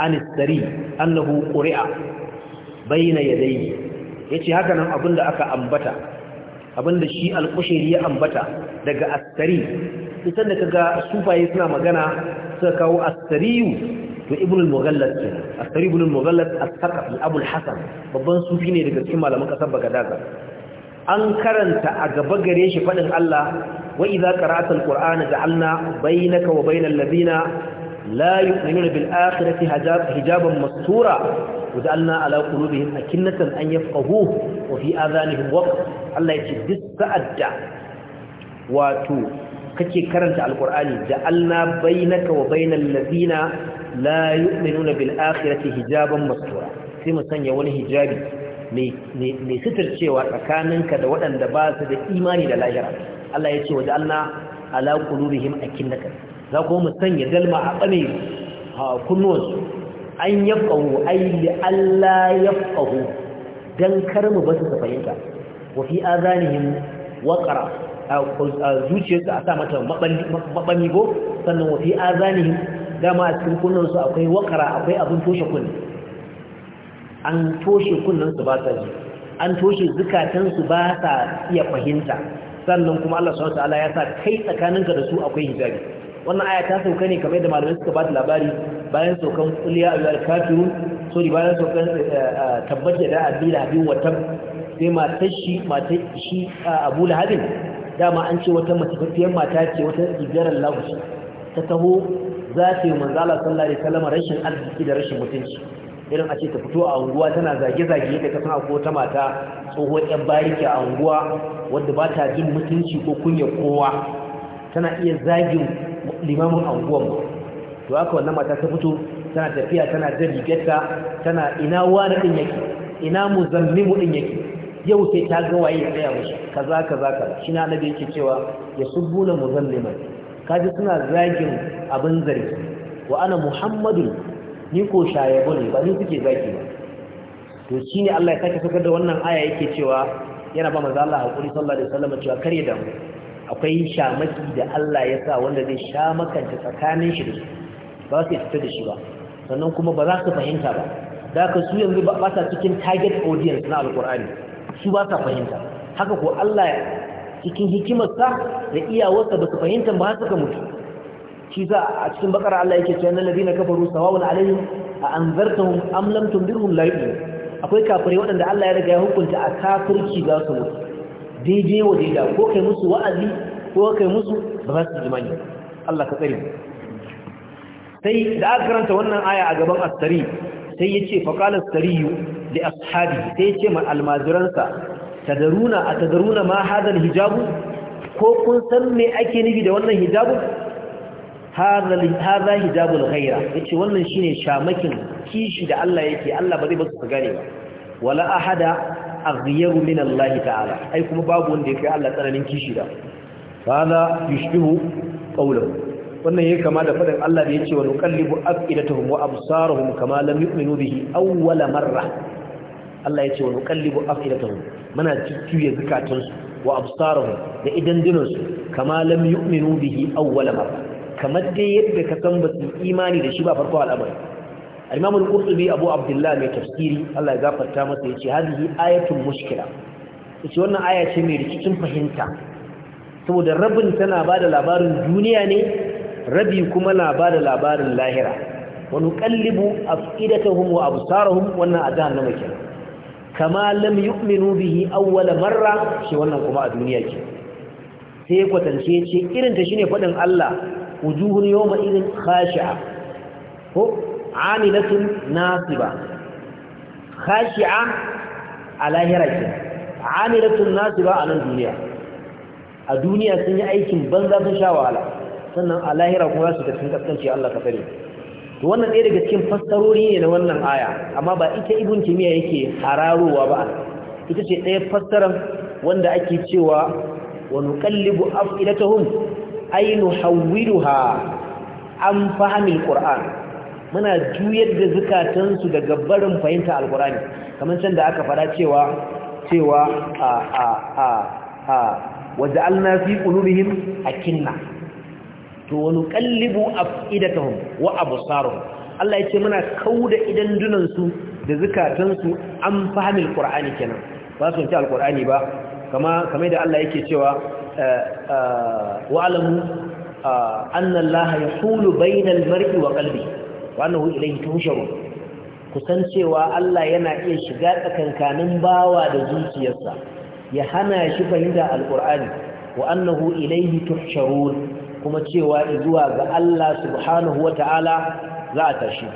Speaker 1: عن السري أنه قرئ بين يديه yace haka nan abinda aka ambata abinda shi alƙushiri ya ambata daga astari idan da kaga sufaye suna magana suka kawo astariyu to ibn al-mughallad astari ibn al-mughallad babban sufi ne daga cikin malaman kasar bagadaza an karanta a gaba gare shi faɗin Allah wa idza qara'ta alqur'ana ja'alna bainaka wa bainal ladina la yu'minuna bil akhirati hijaban mastura وجعلنا على قلوبهم أكنة أن يفقهوه وفي آذانهم وقت الله يتدس فأدع واتو كتي كرنت على القرآن جعلنا بينك وبين الذين لا يؤمنون بالآخرة هجابا مستورا كما سنة والهجاب مي ستر شيء وكاننك دوأن دباس دا إيماني دا لاجرة Allah ya ce waje Allah ala qulubihim akinnaka za ku mu sanya dalma a bane kunnuwansu an yafqahu ay li alla yafqahu dan kar mu basu su fahimta wa fi azanihim waqra zuciyarsu a sa mata mabani go sannan wa fi azanihim dama a cikin kunnansu akwai waqra akwai abin toshe kunni an toshe kunnansu ba ta ji an toshe zukatansu ba ta iya fahimta sannan kuma Allah subhanahu wataala ya sa kai tsakaninka da su akwai hijabi wannan aya ta sauka ne kamar da malamai suka da labari bayan saukan kuliya ayyul kafirun sori bayan saukan eh, eh, tabbata da abin abin wata sai matar shi matar shi ah, Abu Lahab dama an ce wata matafaffiyar mata ce wata ijarar lahushi ta taho za ta yi manzala sallallahu alaihi rashin arziki da rashin mutunci irin a ce ta fito a unguwa tana zage-zage yadda ka suna ko ta mata tsohon yan bariki a unguwa wadda ba ta jin mutunci ko kunya kowa tana iya zagin limamin unguwan ba to haka wannan mata ta fito tana tafiya tana jan rigarta tana ina wani din yake ina muzammimu din yake yau sai ta ga waye tsaya mishi kaza kaza ka." shi na nabi yake cewa ya subbuna muzammiman kaji suna zagin abin zargi wa ana muhammadu ni ko shayabu ne ba ni suke zaki ba to shi shine Allah ya sake sakar da wannan aya yake cewa yana ba manzo Allah hakuri sallallahu alaihi wasallam cewa kar ya damu akwai shamaki da Allah ya sa wanda zai sha makanta tsakanin shi da su ba su fita da shi ba sannan kuma ba za su fahimta ba da ka su yanzu ba sa cikin target audience na alkur'ani su ba sa fahimta haka ko Allah cikin hikimarsa da iyawarsa ba su fahimta ba haka mutu Kiza a cikin bakar Allah yake cewa nan ladina kafaru sawawun alaihim a anzartahum am lam tundirhum la yu'min akwai kafirai waɗanda Allah ya riga ya hukunta a kafirci za su mutu daidai wa daida ko kai musu wa'azi ko kai musu ba za su imani Allah ka tsare sai da aka karanta wannan aya a gaban astari sai yace faqala astariyu li ashabi sai yace ma almajiransa tadaruna tadaruna ma hadal hijabu ko kun san me ake nufi da wannan hijabu haza hijabul ghaira yace wannan shine shamakin kishi da Allah yake Allah ba zai ba su gane ba wala ahada aghyaru min Allah ta'ala ai kuma babu wanda yake Allah tsananin kishi da hada yushbihu qawluhu wannan yake kama da fadin Allah da yace wa nuqallibu afidatuhum wa absaruhum kama lam yu'minu bihi awwala marra Allah yace wa nuqallibu afidatuhum muna jujjuya zakatunsu wa absaruhum da idan dinansu kama lam yu'minu bihi awwala marra kamar dai yadda ka san basu imani da shi ba farko al'amari al-imam abu Abdullahi mai tafsiri Allah ya gafarta masa yace yi ayatun mushkila yace wannan aya ce mai rikicin fahimta saboda rabin tana bada labarin duniya ne rabi kuma na bada labarin lahira wa nuqallibu afidatahum wa absarahum wannan a jahannama kenan kama lam yu'minu bihi awwal marra shi wannan kuma a duniya ke sai kwatance ce irin ta shine fadin Allah wujuhun yawma idin khashi'a ko amilatun nasiba khashi'a a lahira ke amilatun nasiba a nan duniya a duniya sun yi aikin banza sun sha wahala sannan a lahira kuma su tafi kaskanci Allah ka sani to wannan ɗaya daga cikin fassarori ne na wannan aya amma ba ita ibn kimiya yake hararowa ba ita ce ɗaya fassarar wanda ake cewa wa nuqallibu afilatahum Ainu nuhawwiruha an fahimil qur'an muna juyar da zukatansu daga barin fahimta alqur'ani kamar san da aka fara cewa cewa a a a a waja'alna fi qulubihim akinna to wa nuqallibu afidatahum wa absarahum Allah yace muna kauda idan dunansu da zukatansu an fahimil qur'ani kenan ba su ci alqur'ani ba kama kamar da Allah yake cewa wa'alamu annan laha ya hulu bainal mar'i wa ƙalbi. wa'annan hu ilai tusharun kusan cewa Allah yana iya shiga tsakankanin bawa da zuciyarsa ya hana shi fahimta alƙur'ani wa'annahu ilaihi tuhsharun kuma cewa zuwa ga Allah subhanahu wa ta'ala za a tashi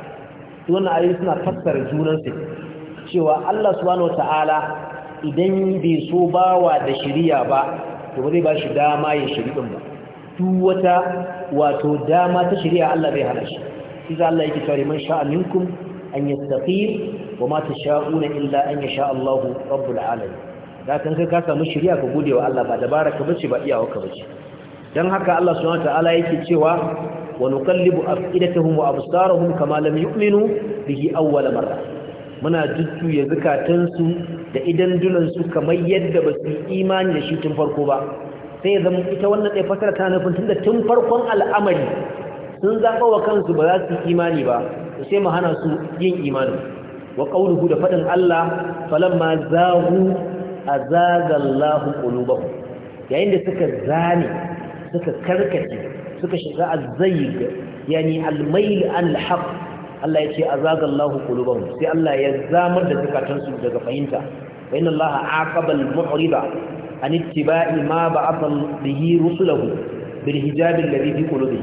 Speaker 1: wannan ayoyi suna fassara junan cewa Allah subhanahu wa ta'ala, idan bai so bawa da shirya ba to ba zai ba shi dama ya shiri ɗin ba duk wata wato dama ta shirya Allah zai hana shi shi za Allah yake cewa man sha'a minkum an yastaqim wa ma sha'una illa an ya sha'allahu rabbul alamin da kan ka ka samu shari'a ka gode wa Allah ba dabara ka bace ba iyawa ka bace dan haka Allah subhanahu wataala yake cewa wa nuqallibu afidatahum wa absarahum kama lam yu'minu bihi awwal marra muna jujjuya zakatansu da idan dunansu kamar yadda ba su imani da shi tun farko ba sai ya zama ita wannan ɗaya fasara ta nufin tun da tun farkon al'amari sun zaɓa wa kansu ba za su imani ba sai mu hana su yin imani wa ƙaunuhu da faɗin Allah falamma zahu a zagallahu ƙulubahu yayin da suka zane suka karkace suka shiga azzayig yani almail alhaq Allah ya ce a zagallahu ƙulubahu sai Allah ya zamar da zukatansu daga fahimta wa inna allaha aqaba al-mu'rida an ittiba'i ma ba'atha bihi rusulahu bil hijab alladhi fi qulubihi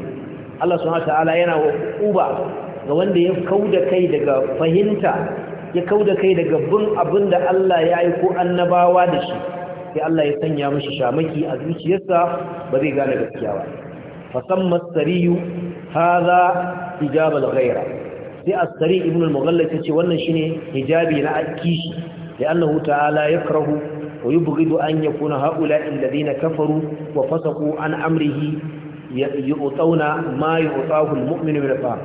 Speaker 1: Allah subhanahu ta'ala yana wa uba ga wanda ya kauda kai daga fahimta ya kauda kai daga bin abinda Allah ya aiko annabawa da shi sai Allah ya sanya mishi shamaki a zuciyarsa ba zai gane gaskiya ba fasamma sariyu hadha hijab al sai as-sari ibn al-mughallab yace wannan shine hijabi na akishi لأنه تعالى يكره ويبغض أن يكون هؤلاء الذين كفروا وفسقوا عن أمره يؤطون ما يؤطاه المؤمن من الفهم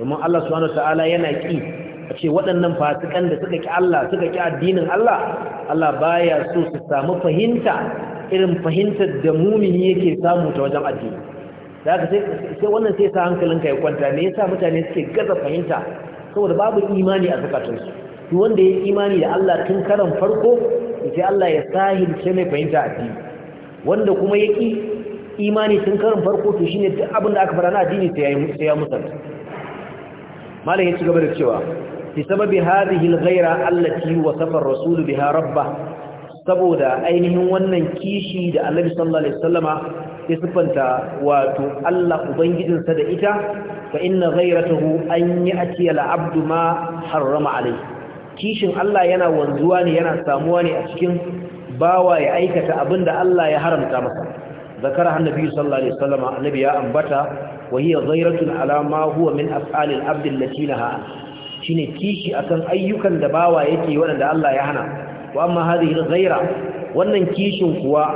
Speaker 1: ومن الله سبحانه وتعالى ينكي a ce waɗannan fasikan da suka ki addinin Allah Allah baya so su samu fahimta irin fahimtar da mumini yake samu ta wajen addini da sai wannan sai sa hankalinka ya kwanta me yasa mutane suke gaza fahimta saboda babu imani a zakatunsu to wanda ya imani da Allah tun karan farko sai Allah ya sahilce mai fahimta addini wanda kuma yaki imani tun karan farko to shine duk abin da aka fara na addini sai ya sai ya musanta malam ya ci gaba da cewa bi sababi hadhihi al-ghayra allati wasafa ar-rasul biha rabbah saboda ainihin wannan kishi da Annabi sallallahu alaihi wasallama ya sifanta wato Allah ubangijinsa da ita fa inna ghayratuhu an ya'ti al-abdu ma harrama alayhi kishin Allah yana wanzuwa ne yana samuwa ne a cikin bawa ya aikata abin da Allah ya haramta masa zakara annabi sallallahu alaihi wasallam annabi ya ambata wa hiya ghayratun ala ma huwa min af'al al-abd allati laha shine kishi akan ayyukan da bawa yake wanda Allah ya hana wa amma hadhihi al-ghayra wannan kishin kuwa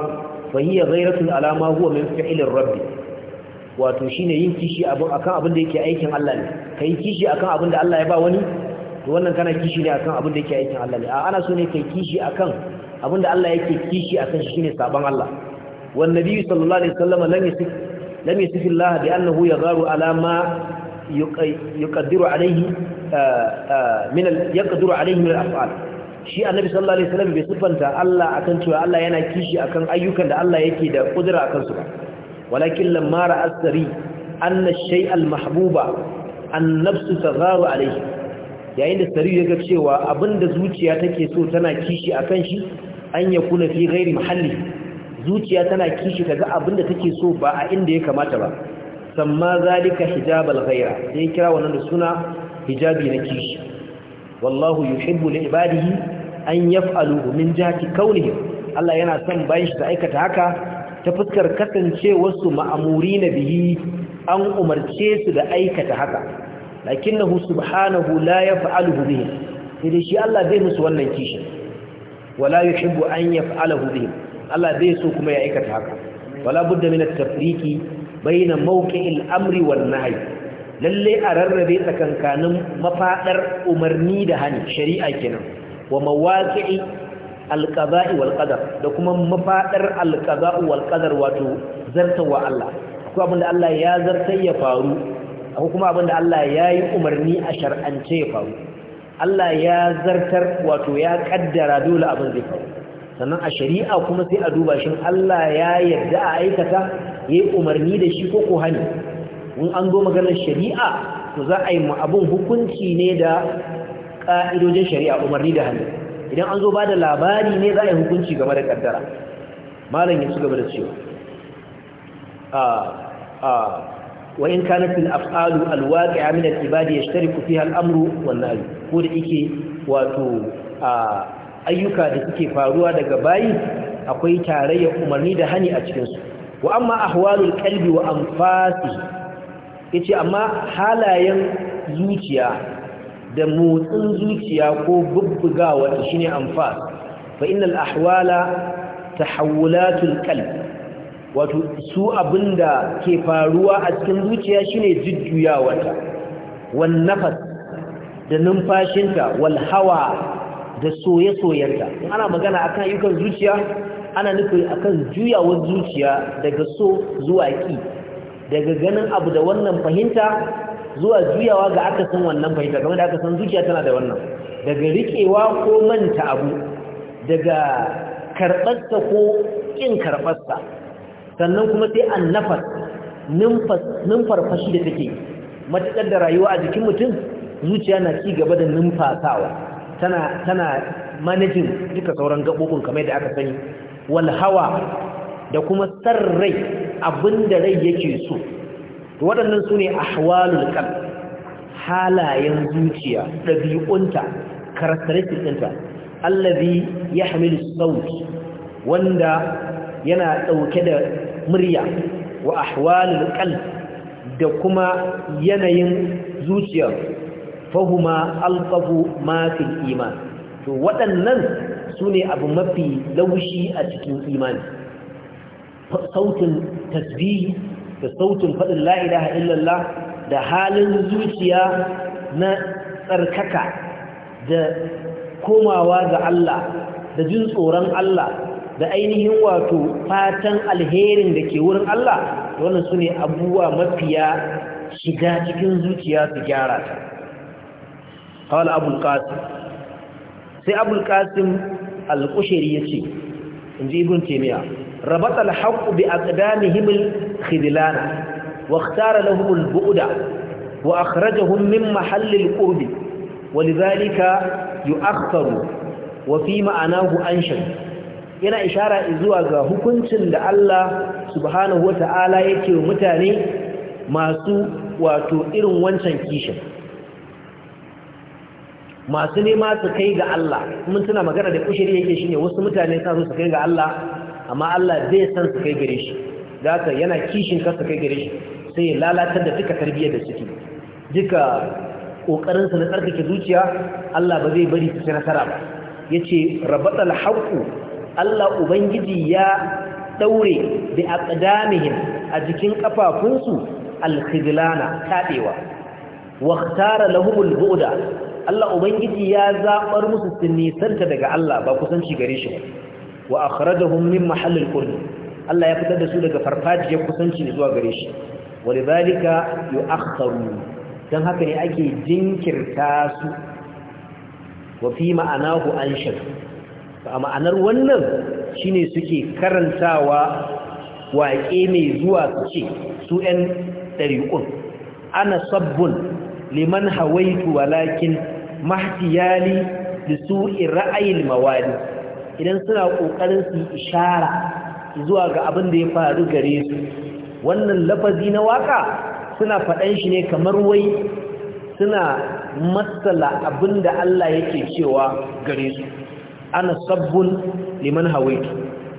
Speaker 1: fa hiya ghayratun ala ma huwa min fi'l ar-rabb wato shine yin kishi akan abin da yake aikin Allah ne kai kishi akan abin da Allah ya ba wani to wannan kana kishi ne akan abin da yake aikin Allah ne a ana so ne kai kishi akan abin da Allah yake kishi akan shi shine saban Allah wan nabi sallallahu alaihi wasallam lam yasif lam yasif Allah bi annahu yagharu ala ma yuqaddiru alaihi ah, ah, min yaqdiru alaihi min al-af'al shi annabi sallallahu alaihi wasallam bai sifanta Allah akan cewa Allah yana kishi akan ayyukan da Allah yake da kudura akan su ba walakin lamma ra'a asri anna ash-shay'a al-mahbuba an-nafsu tagharu alaihi yayin da sariyu ya ga cewa abinda zuciya take so tana kishi a kan shi an ya kuna fi gairi muhalli zuciya tana kishi kaga abinda take so ba a inda ya kamata ba samma zalika hijabal ghaira sai kira wannan da suna hijabi na kishi wallahu yuhibbu li ibadihi an yaf'alu min jati kaunihi Allah yana son bayin shi da aikata haka ta fuskar kasancewar su ma'amuri na bihi an umarce su da aikata haka lakinnahu subhanahu la yaf'aluhu bihi sai dai shi Allah bai musu wannan kishi wala yuhibbu an yaf'alahu bihi Allah bai so kuma ya aikata haka wala budda min at-tafriqi bayna mawqi'il amri wan nahy lalle a rarrabe tsakankanin mafadar umarni da hani shari'a kenan wa mawaqi'i alqada'i wal qadar da kuma mafadar alqada'u wal qadar wato zartawa Allah akwai abinda Allah ya zartar ya faru akwai kuma abin da Allah ya yi umarni a shar'ance ya faru Allah ya zartar wato ya kaddara dole abin zai faru sannan a shari'a kuma sai a duba shin Allah ya yarda a aikata ya yi umarni da shi ko ko hani in an zo maganar shari'a to za a yi mu abin hukunci ne da ƙa'idojin shari'a umarni da hannu idan an zo ba da labari ne za a yi hukunci game da kaddara malam ya ci gaba da cewa ah, ah. وإن كانت الأفعال الواقعة من العباد يشترك فيها الأمر والنهي ko da yake wato ayyuka da suke faruwa daga bayi akwai tarayya umarni da hani a cikin su wa amma ahwalul kalbi wa anfasi yace amma halayen zuciya da motsin zuciya ko bubbugawa shine anfas fa innal ahwala tahawulatul qalbi wato su abin da ke faruwa a cikin zuciya shine jujjuyawarta wan nafas da numfashinta wal hawa da soyayyarta in ana magana akan ayyukan zuciya ana nufin akan juyawar zuciya daga so zuwa ki daga ganin abu da wannan fahimta zuwa juyawa ga aka san wannan fahimta kamar da aka san zuciya tana da wannan daga riƙewa ko manta abu daga karɓarsa ko ƙin karɓarsa sannan kuma sai an numfar fashi da take matuƙar da rayuwa a jikin mutum zuciya na ci gaba da numfasawa tana manajin duka sauran gaɓoɓin kamar da aka sani walhawa. da kuma rai abinda rai yake so waɗannan su ne ahwalul kan halayen zuciya ɗabi'unta characteristic ɗinta allazi hamilu sauti wanda yana ɗauke da murya wa ahwalul qalb da kuma yanayin zuciya fahuma alqafu ma fil iman to waɗannan sune abu mafi laushi a cikin imani sautin tasbihi da sautin faɗin la ilaha illallah da halin zuciya na tsarkaka da komawa ga Allah da jin tsoron Allah da ainihin wato fatan alherin da ke wurin Allah wannan su ne abubuwa mafiya shiga cikin zuciya su gyara ta kawal abulkasim sai abulkasim alkushiri ya ce in ji ibin temiya rabat alhaku bi aqdamihim alkhidlana wa ikhtara lahum albu'da wa akhrajahum min mahalli alqurbi ولذلك يؤخر وفي معناه أنشد yana ishara zuwa ga hukuncin da Allah subhanahu wata'ala yake wa mutane masu wato irin wancan kishin masu nema su kai ga Allah mun tuna magana da kushiri yake shine wasu mutane sa su kai ga Allah amma Allah zai san su kai gare shi zaka yana kishin ka su kai gare shi sai ya lalatar da duka tarbiyyar da suke duka kokarin su na tsarkake zuciya Allah ba zai bari su ci nasara ba yace rabatal haqqu Allah ubangiji ya daure bi aqdamihim a jikin kafafunsu al-khidlana waktara wa lahumul bu'da Allah ubangiji ya zaɓar musu sunnisanta daga Allah ba kusanci gare shi wa akhrajahum min mahallil qurb Allah ya fitar da su daga farfajiyar kusanci zuwa gare shi yi yu'akhkharu don haka ne ake jinkirta su wa fi an anshar a ma'anar wannan shine suke karantawa waƙe mai zuwa ce su ‘yan ɗariƙun ana sabbin liman hawaitu walakin mahtiyali da su ra'ayin mawali idan suna ƙoƙarin su ishara zuwa ga abin da ya faru gare su wannan lafazi na waka suna faɗan shi ne kamar wai suna matsala abin da Allah yake cewa gare su ana sabbun liman hawaitu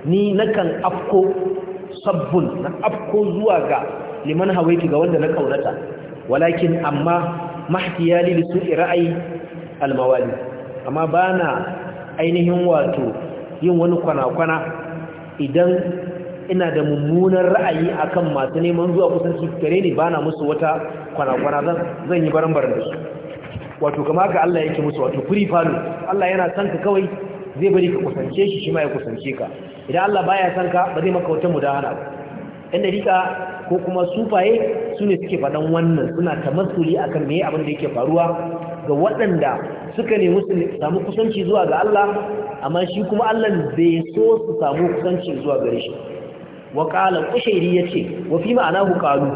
Speaker 1: ni nakan afko sabbun na afko zuwa ga liman hawaitu ga wanda na kaunata walakin amma mahtiyali li su ra'ayi almawali amma bana ainihin wato yin wani kwana-kwana idan ina da mummunan ra'ayi akan masu neman zuwa kusanci gare ni bana musu wata kwana-kwana zan yi baran-baran da su wato kama ga Allah yake musu wato free falo Allah yana sanka kawai zai bari ka kusance shi shi ma ya kusance ka idan Allah baya san ka ba zai maka wata mudahana ba rika ko kuma sufaye su ne suke faɗan wannan suna ta tamassuli akan me abin da yake faruwa ga waɗanda suka nemi su samu kusanci zuwa ga Allah amma shi kuma Allah zai so su samu kusanci zuwa gare shi wa qala qushairi yace wa fi ku qalu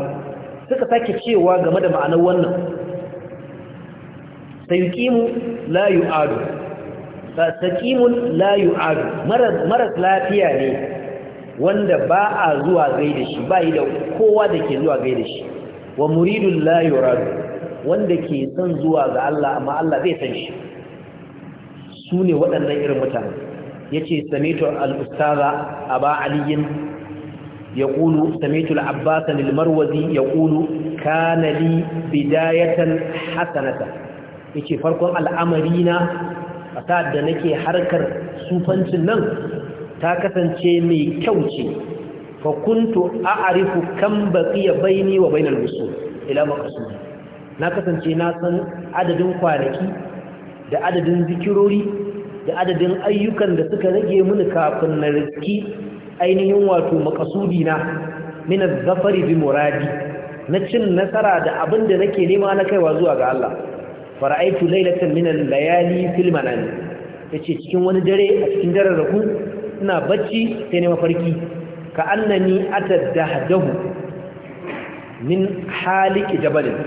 Speaker 1: suka sake cewa game da ma'anar wannan sayuqimu la ado. saqimun la yu'adu maras lafiya ne wanda ba a zuwa gaida shi ba da kowa da ke zuwa gaida shi wa muridun la wanda ke son zuwa ga Allah amma Allah zai san shi su ne waɗannan irin mutane ya ce samitu al-Ustaza ba aliyin ya ƙulu samitu al'abbasa lilmarwazi ya ƙulu kanali bidayatan hasanata ya ce farkon al'amarina a da nake harkar sufancin nan ta kasance mai kyau ce fa kuntu a'rifu kam baqiya baini wa bainal wusul ila maqsudi na kasance na san adadin kwanaki da adadin zikirori da adadin ayyukan da suka rage mini kafin na riski ainihin wato maqsudi na min az-zafari bi muradi na cin nasara da abinda nake nema na kaiwa zuwa ga Allah fara'aitu lailatan Minan layali fil manam yace cikin wani dare a cikin dare raku ina bacci sai ne mafarki ka annani atadahdahu min haliki jabalin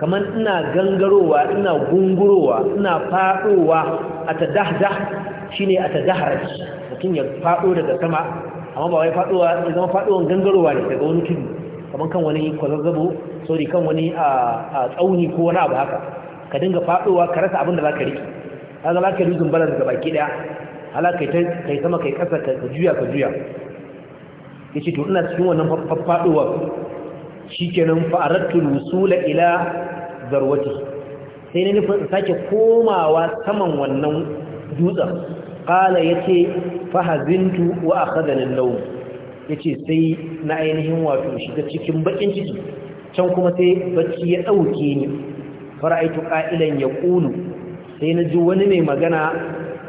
Speaker 1: kaman ina gangarowa ina gungurowa ina fadowa atadahdah shine atadahraj mutum ya fado daga sama amma ba wai fadowa ya zama fadowan gangarowa ne daga wani tudu kaman kan wani kwazazzabo sorry kan wani a ah, ah, tsauni ko wani abu haka ka dinga faɗowa ka rasa abin da za ka riƙe za ka yi balar daga baki ɗaya hala kai kai sama kai ƙasa ka juya ka juya ya ce to ina cikin wannan faɗowar shi kenan fa'arattu wusula ila zarwati sai na nufin sake komawa saman wannan dutsen ƙala ya ce fahazintu wa a kazanin laun ya ce sai na ainihin wato shiga cikin baƙin ciki can kuma sai bacci ya ɗauke ni fara'aitu qa'ilan yaqulu sai naji wani mai magana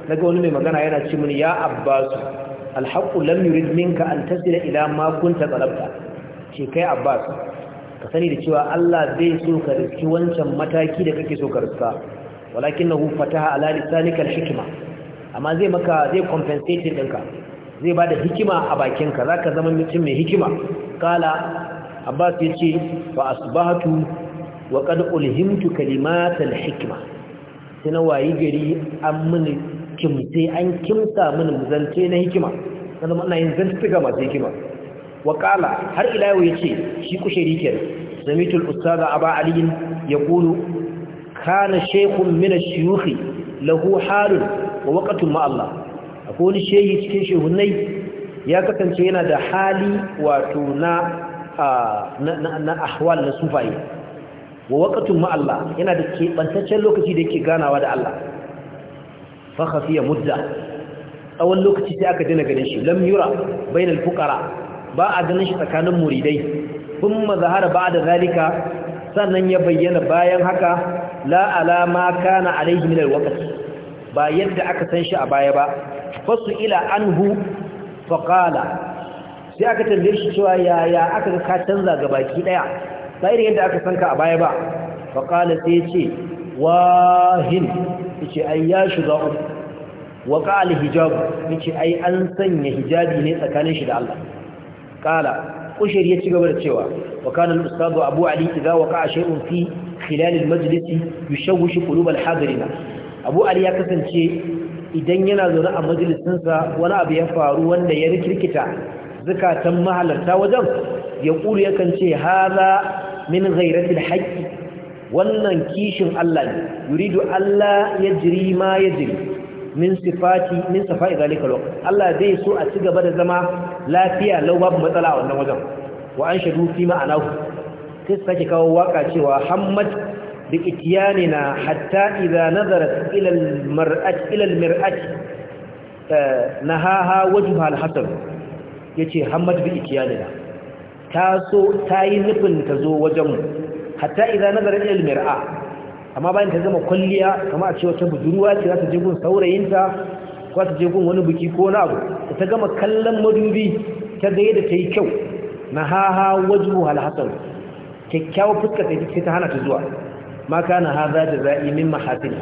Speaker 1: daga wani mai magana yana ce mini ya abbas alhaqqu lam yurid minka an tasila ila ma kunta talabta ce kai abbas ka sani da cewa Allah zai so ka riski wancan mataki da kake so ka riska walakinahu fataha ala lisanika alhikma amma zai maka zai compensate ɗinka zai bada hikima a bakinka za ka zama mutum mai hikima kala abbas yace ce ba wa qad ulhimtu kalimatal hikma sai na wayi gari an mini kimse an kimsa mini zance na hikima na zama ina yin zantuka masu hikima wa qala har ila yau yace shi kushiri kenan samitul ustaza aba ali yaqulu kana shaykhun min ash-shuyukh lahu halun wa waqtun ma Allah akwai wani shehi cikin shehunai ya kasance yana da hali wato na na ahwal na sufaye wa waqtun ma Allah yana da keɓantaccen lokaci da yake ganawa da Allah fa mudda tsawon lokaci sai aka daina ganin shi lam bai bainal fukara. ba a ganin shi tsakanin muridai thumma ba da zalika sannan ya bayyana bayan haka la alama kana alaihi min wakati. ba yadda aka san shi a baya ba fasu ila anhu Faƙala. sai aka tambaye shi cewa yaya aka ka canza baki ɗaya? ba irin yadda aka sanka a baya ba faƙala sai ce wahin ce ai ya shiga uku hijabu alhijabu ce ai an sanya hijabi ne tsakanin shi da Allah ƙala ƙushir ya ci gaba da cewa wakanan ustadu abu ali idza a shay'un fi khilal al-majlis yushawwish qulub abu ali ya kasance idan yana zaune a majalisinsa wani abu ya faru wanda ya rikirkita zukatan mahalarta wajen ya ƙuri yakan ce haza min ghairatil haqqi wannan kishin Allah ne yuridu Allah jiri ma yajri min sifati min safai zalika alwaqt Allah zai so a ci gaba da zama lafiya lau babu matsala a wannan wajen wa an shadu fi ma'anahu sai sake kawo waka cewa hammad bi itiyanina hatta idza nazarat ila almar'at ila almir'at eh, nahaha wajha alhasan yace hammad bi itiyanina ta so ta yi nufin ta zo wajenmu hatta idan nazarin ilmir'a amma bayan ta zama kwalliya kama a cewa ta budurwa ce za ta je gun saurayinta ko ta je gun wani biki ko na abu da ta gama kallon madubi ta ga yadda ta yi kyau na haha wajhu halhassan Kyakkyawa fuskar ta ce ta hana ta zuwa ma kana haza ta za'i min mahasin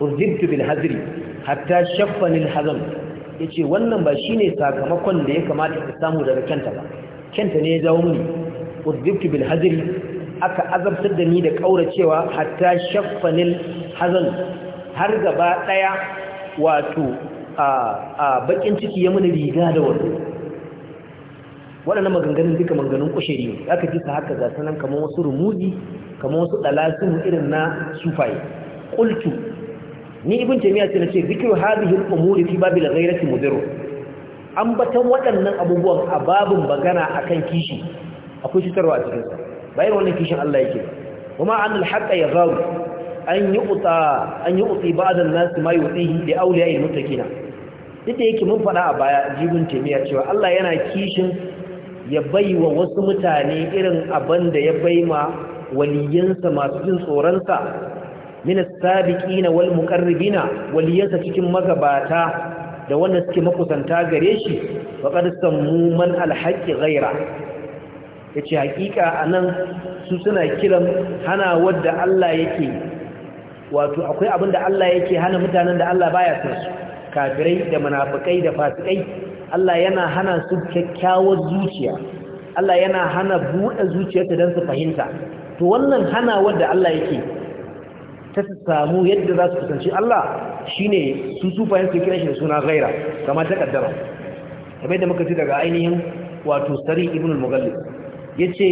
Speaker 1: urzibtu bil hazri hatta shaffani al hazam yace wannan ba shine sakamakon da ya kamata ka samu daga kanta ba kyanta ne ya jawo mini uzdibtu bil hazri aka azabtar da ni da kauracewa hatta shaffanil hazan har gaba daya wato a bakin ciki ya mini riga da wando waɗannan maganganun duka maganganun kushiri ne aka ji haka ga sanan kamar wasu rumuzi kamar wasu dalasin irin na sufai. qultu ni ibn jami'a ce nace zikru hadhihi al-umuri fi babil ghayrati mudirr An ambatan waɗannan abubuwan a babin magana akan kishi akwai cutarwa a cikinsa bayan wannan kishin Allah yake kuma an alhaqa ya zaru an yi uta an yi uti ba'dan nasu mai yutihi li awliya'il muttaqina duk da yake mun faɗa a baya jibun temiya cewa Allah yana kishin ya baiwa wasu mutane irin abin da ya baima waliyansa masu jin tsoronsa min as-sabiqina wal muqarribina waliyansa cikin magabata da wanda suke makusanta gare shi wa qadsan mu man alhaqi ghaira yace hakika anan su suna kiran hana wadda Allah yake wato akwai abin da Allah yake hana mutanen da Allah baya son su kafirai da munafukai da fasikai Allah yana hana su kyakkyawar zuciya Allah yana hana buɗe zuciyarta don su fahimta to wannan hana wadda Allah yake ta samu yadda za su kusanci Allah shine su sufayen su kira shi da suna gaira kamar ta kaddara kamar da muka ci daga ainihin wato sari ibn al-mughallib yace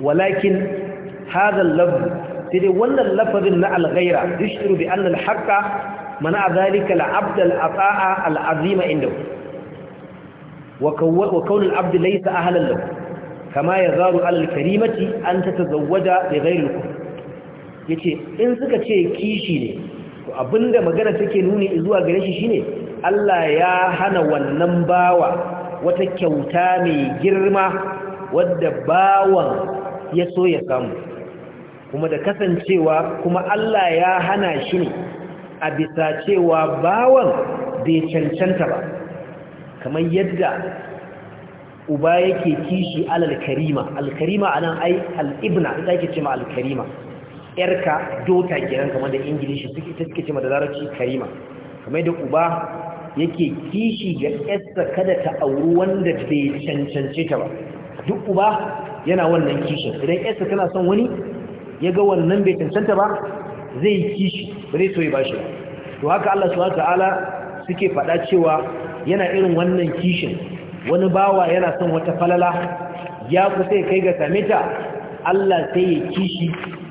Speaker 1: walakin hadha al sai dai wannan lafazin na al-ghaira yushiru bi anna al-haqqa mana dhalika al-abd al-ata'a al-azima indahu wa kawn al-abd laysa ahlan lahu kama yazaru al-karimati an tatazawwaja bi ghayri al ya ce in suka ce kishi ne abinda magana take nuni zuwa gare shi shine Allah ya hana wannan bawa wata kyauta mai girma wadda bawan ya so ya samu kuma da kasancewa kuma Allah ya hana shi ne a bisa cewa bawan bai cancanta ba kamar yadda uba yake kishi alal karima alkarima anan ai al-ibna ita yake ce ma al yarka dota kenan kamar da ingilishi suke ta suke ce da larabci karima kamar da uba yake kishi ga yarsa kada ta auri wanda bai cancance ta ba duk uba yana wannan kishin idan yarsa tana son wani ya ga wannan bai cancanta ba zai yi kishi ba zai so ya bashi to haka Allah subhanahu ta'ala suke faɗa cewa yana irin wannan kishin wani bawa yana son wata falala ya kusa ya kai ga same ta Allah sai ya kishi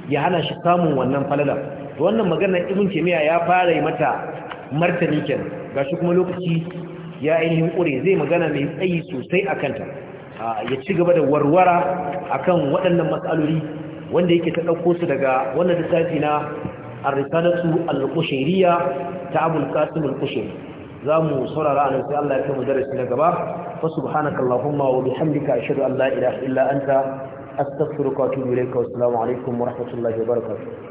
Speaker 1: ya hana shi samun wannan falalar wannan maganar irin kimiyya ya fara yi mata martani Ga shi kuma lokaci ya ainihin kure zai magana mai tsayi sosai a kanta. ya ci gaba da warwara akan waɗannan matsaloli wanda yake ta ɗauko su daga wannan littafi na ar-risalatu al-qushayriyya ta Abul Qasim al Za zamu saurara nan sai Allah ya kai mu darasi na gaba fa subhanakallahumma wa bihamdika ashhadu an la ilaha illa anta astaghfiruka wa atubu ilayka wa assalamu alaikum wa rahmatullahi wa barakatuh